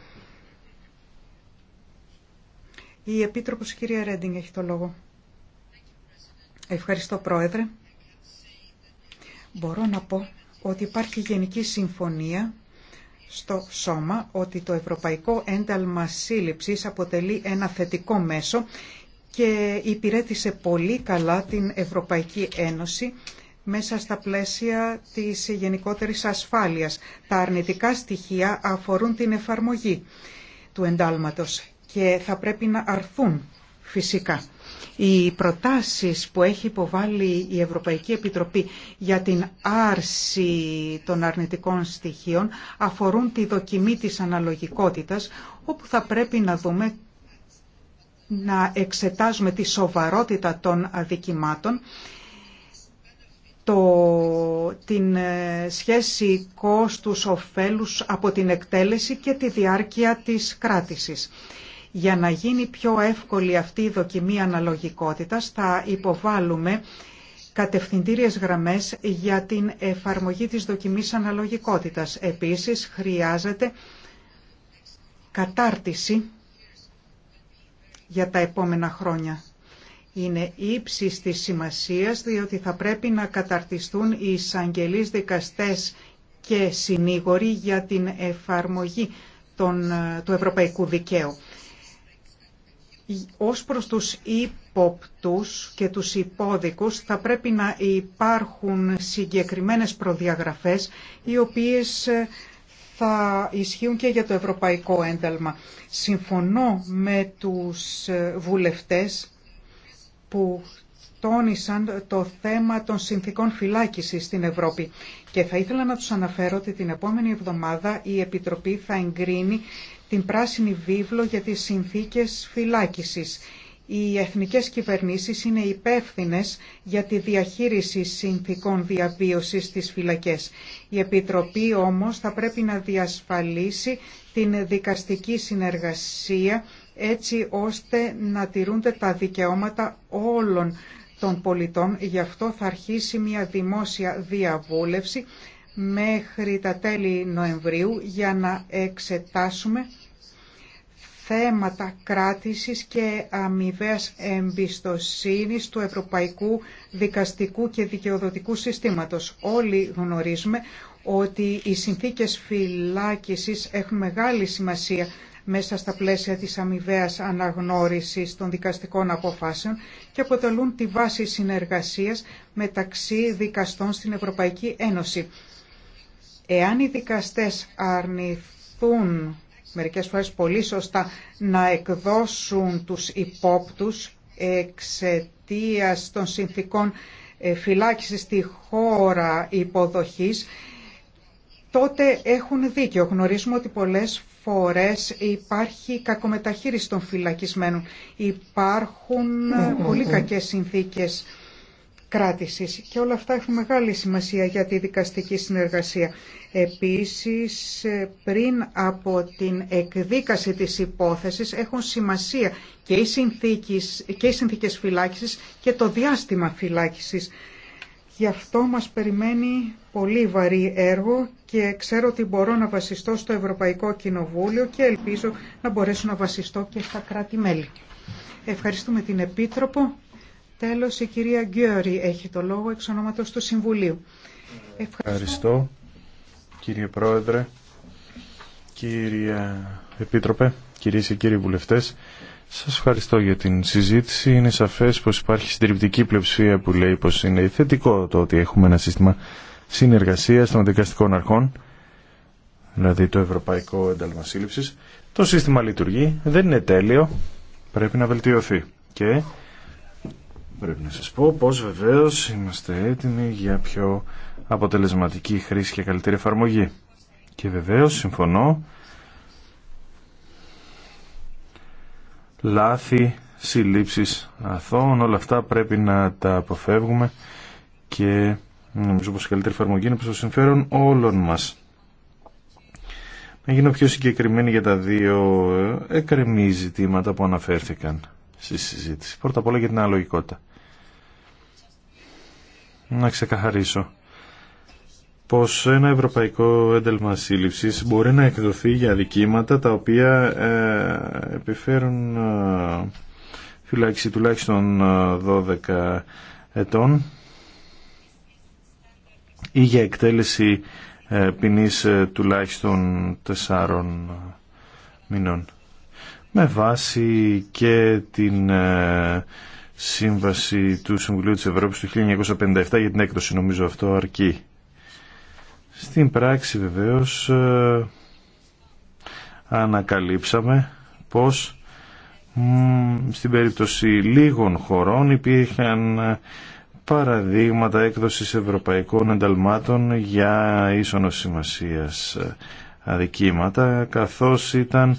Η Επίτροπος κυρία Ρέντινγκ έχει το λόγο. Ευχαριστώ Πρόεδρε. Μπορώ να πω ότι υπάρχει γενική συμφωνία στο σώμα ότι το Ευρωπαϊκό Ένταλμα Σύλληψης αποτελεί ένα θετικό μέσο και υπηρέτησε πολύ καλά την Ευρωπαϊκή Ένωση μέσα στα πλαίσια της γενικότερης ασφάλειας. Τα αρνητικά στοιχεία αφορούν την εφαρμογή του εντάλματος και θα πρέπει να αρθούν φυσικά. Οι προτάσεις που έχει υποβάλει η Ευρωπαϊκή Επιτροπή για την άρση των αρνητικών στοιχείων αφορούν τη δοκιμή της αναλογικότητας, όπου θα πρέπει να δούμε να εξετάζουμε τη σοβαρότητα των αδικημάτων, το, την ε, σχέση κόστους-οφέλους από την εκτέλεση και τη διάρκεια της κράτησης. Για να γίνει πιο εύκολη αυτή η δοκιμή αναλογικότητας θα υποβάλουμε κατευθυντήριες γραμμές για την εφαρμογή της δοκιμής αναλογικότητας. Επίσης χρειάζεται κατάρτιση για τα επόμενα χρόνια. Είναι ύψης τη σημασίας διότι θα πρέπει να καταρτιστούν οι εισαγγελείς δικαστές και συνήγοροι για την εφαρμογή των, του ευρωπαϊκού δικαίου ως προς τους ύποπτους και τους υπόδικους θα πρέπει να υπάρχουν συγκεκριμένες προδιαγραφές οι οποίες ε, θα ισχύουν και για το ευρωπαϊκό ένταλμα. Συμφωνώ με τους ε, βουλευτές που τόνισαν το θέμα των συνθήκων φυλάκισης στην Ευρώπη. Και θα ήθελα να τους αναφέρω ότι την επόμενη εβδομάδα η Επιτροπή θα εγκρίνει την πράσινη βίβλο για τις συνθήκες φυλάκισης. Οι εθνικές κυβερνήσεις είναι υπεύθυνε για τη διαχείριση συνθήκων διαβίωσης στις φυλακές. Η Επιτροπή όμως θα πρέπει να διασφαλίσει την δικαστική συνεργασία έτσι ώστε να τηρούνται τα δικαιώματα όλων των πολιτών. Γι' αυτό θα αρχίσει μια δημόσια διαβούλευση μέχρι τα τέλη Νοεμβρίου για να εξετάσουμε θέματα κράτησης και αμοιβαία εμπιστοσύνης του Ευρωπαϊκού Δικαστικού και Δικαιοδοτικού Συστήματος. Όλοι γνωρίζουμε ότι οι συνθήκες φυλάκισης έχουν μεγάλη σημασία μέσα στα πλαίσια της αμοιβαία αναγνώρισης των δικαστικών αποφάσεων και αποτελούν τη βάση συνεργασίας μεταξύ δικαστών στην Ευρωπαϊκή Ένωση. Εάν οι δικαστές αρνηθούν μερικές φορές πολύ σωστά να εκδώσουν τους υπόπτους εξαιτία των συνθήκων ε, φυλάκισης στη χώρα υποδοχής, τότε έχουν δίκιο. Γνωρίζουμε ότι πολλές φορές υπάρχει κακομεταχείριση των φυλακισμένων. Υπάρχουν ε, πολύ κακές συνθήκες κράτησης. Και όλα αυτά έχουν μεγάλη σημασία για τη δικαστική συνεργασία. Επίσης, πριν από την εκδίκαση της υπόθεσης έχουν σημασία και οι συνθήκες, και οι συνθήκες φυλάκισης και το διάστημα φυλάκισης. Γι' αυτό μας περιμένει πολύ βαρύ έργο και ξέρω ότι μπορώ να βασιστώ στο Ευρωπαϊκό Κοινοβούλιο και ελπίζω να μπορέσω να βασιστώ και στα κράτη-μέλη. Ευχαριστούμε την Επίτροπο. Τέλος, η κυρία Γκιόρη έχει το λόγο εξ ονόματος του Συμβουλίου. Ευχαριστώ. Ευχαριστώ, κύριε Πρόεδρε, κύριε Επίτροπε, κυρίες και κύριοι βουλευτές. Σας ευχαριστώ για την συζήτηση. Είναι σαφές πως υπάρχει συντριπτική πλειοψηφία που λέει πως είναι θετικό το ότι έχουμε ένα σύστημα συνεργασίας των δικαστικών αρχών, δηλαδή το Ευρωπαϊκό Ένταλμα Το σύστημα λειτουργεί, δεν είναι τέλειο, πρέπει να βελτιωθεί. Και Πρέπει να σας πω πως βεβαίως είμαστε έτοιμοι για πιο αποτελεσματική χρήση και καλύτερη εφαρμογή. Και βεβαίως συμφωνώ λάθη, συλλήψεις αθώων, όλα αυτά πρέπει να τα αποφεύγουμε και νομίζω πως η καλύτερη εφαρμογή είναι προς το συμφέρον όλων μας. Να γίνω πιο συγκεκριμένη για τα δύο ε, εκρεμή ζητήματα που αναφέρθηκαν στη συζήτηση. Πρώτα απ' όλα για την αναλογικότητα. Να ξεκαθαρίσω πως ένα ευρωπαϊκό ένταλμα σύλληψης μπορεί να εκδοθεί για δικηματα τα οποία ε, επιφέρουν ε, φυλάξη τουλάχιστον 12 ε, ετών ή για εκτέλεση ε, ε τουλάχιστον 4 μηνών με βάση και την ε, σύμβαση του Συμβουλίου της Ευρώπης του 1957 για την έκδοση. Νομίζω αυτό αρκεί. Στην πράξη βεβαίως ε, ανακαλύψαμε πως στην περίπτωση λίγων χωρών υπήρχαν ε, παραδείγματα έκδοσης ευρωπαϊκών ενταλμάτων για ίσονος σημασίας αδικήματα καθώς ήταν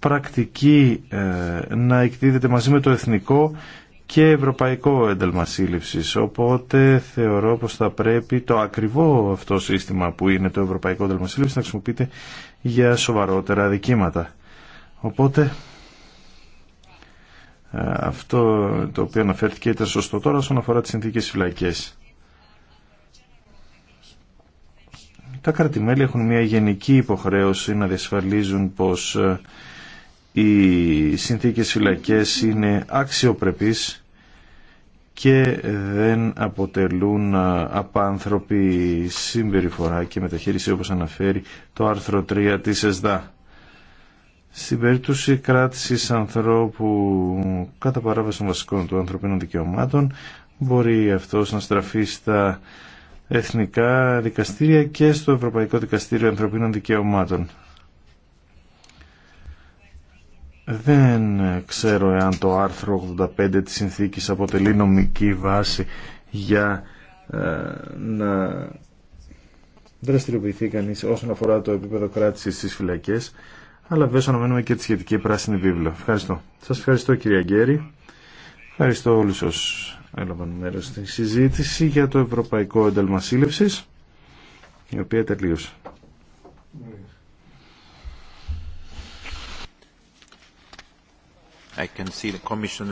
πρακτική ε, να εκδίδεται μαζί με το εθνικό και ευρωπαϊκό ένταλμα Οπότε θεωρώ πως θα πρέπει το ακριβό αυτό σύστημα που είναι το ευρωπαϊκό ένταλμα να χρησιμοποιείται για σοβαρότερα δικήματα. Οπότε ε, αυτό το οποίο αναφέρθηκε ήταν σωστό τώρα όσον αφορά τις συνθήκες φυλακές. Τα κρατημέλη έχουν μια γενική υποχρέωση να διασφαλίζουν πως ε, οι συνθήκες φυλακές είναι αξιοπρεπείς και δεν αποτελούν απάνθρωπη συμπεριφορά και μεταχείριση όπως αναφέρει το άρθρο 3 της ΕΣΔΑ. Στην περίπτωση κράτησης ανθρώπου κατά παράβαση των βασικών του ανθρωπίνων δικαιωμάτων μπορεί αυτός να στραφεί στα εθνικά δικαστήρια και στο Ευρωπαϊκό Δικαστήριο Ανθρωπίνων Δικαιωμάτων. Δεν ξέρω εάν το άρθρο 85 της συνθήκης αποτελεί νομική βάση για ε, να δραστηριοποιηθεί κανείς όσον αφορά το επίπεδο κράτησης στις φυλακές αλλά βέβαια αναμένουμε και τη σχετική πράσινη βίβλο. Ευχαριστώ. Σας ευχαριστώ κύριε Αγγέρη. Ευχαριστώ όλους όσους έλαβαν μέρος στην συζήτηση για το Ευρωπαϊκό Ένταλμα η οποία τελείωσε. I can see the Commissioner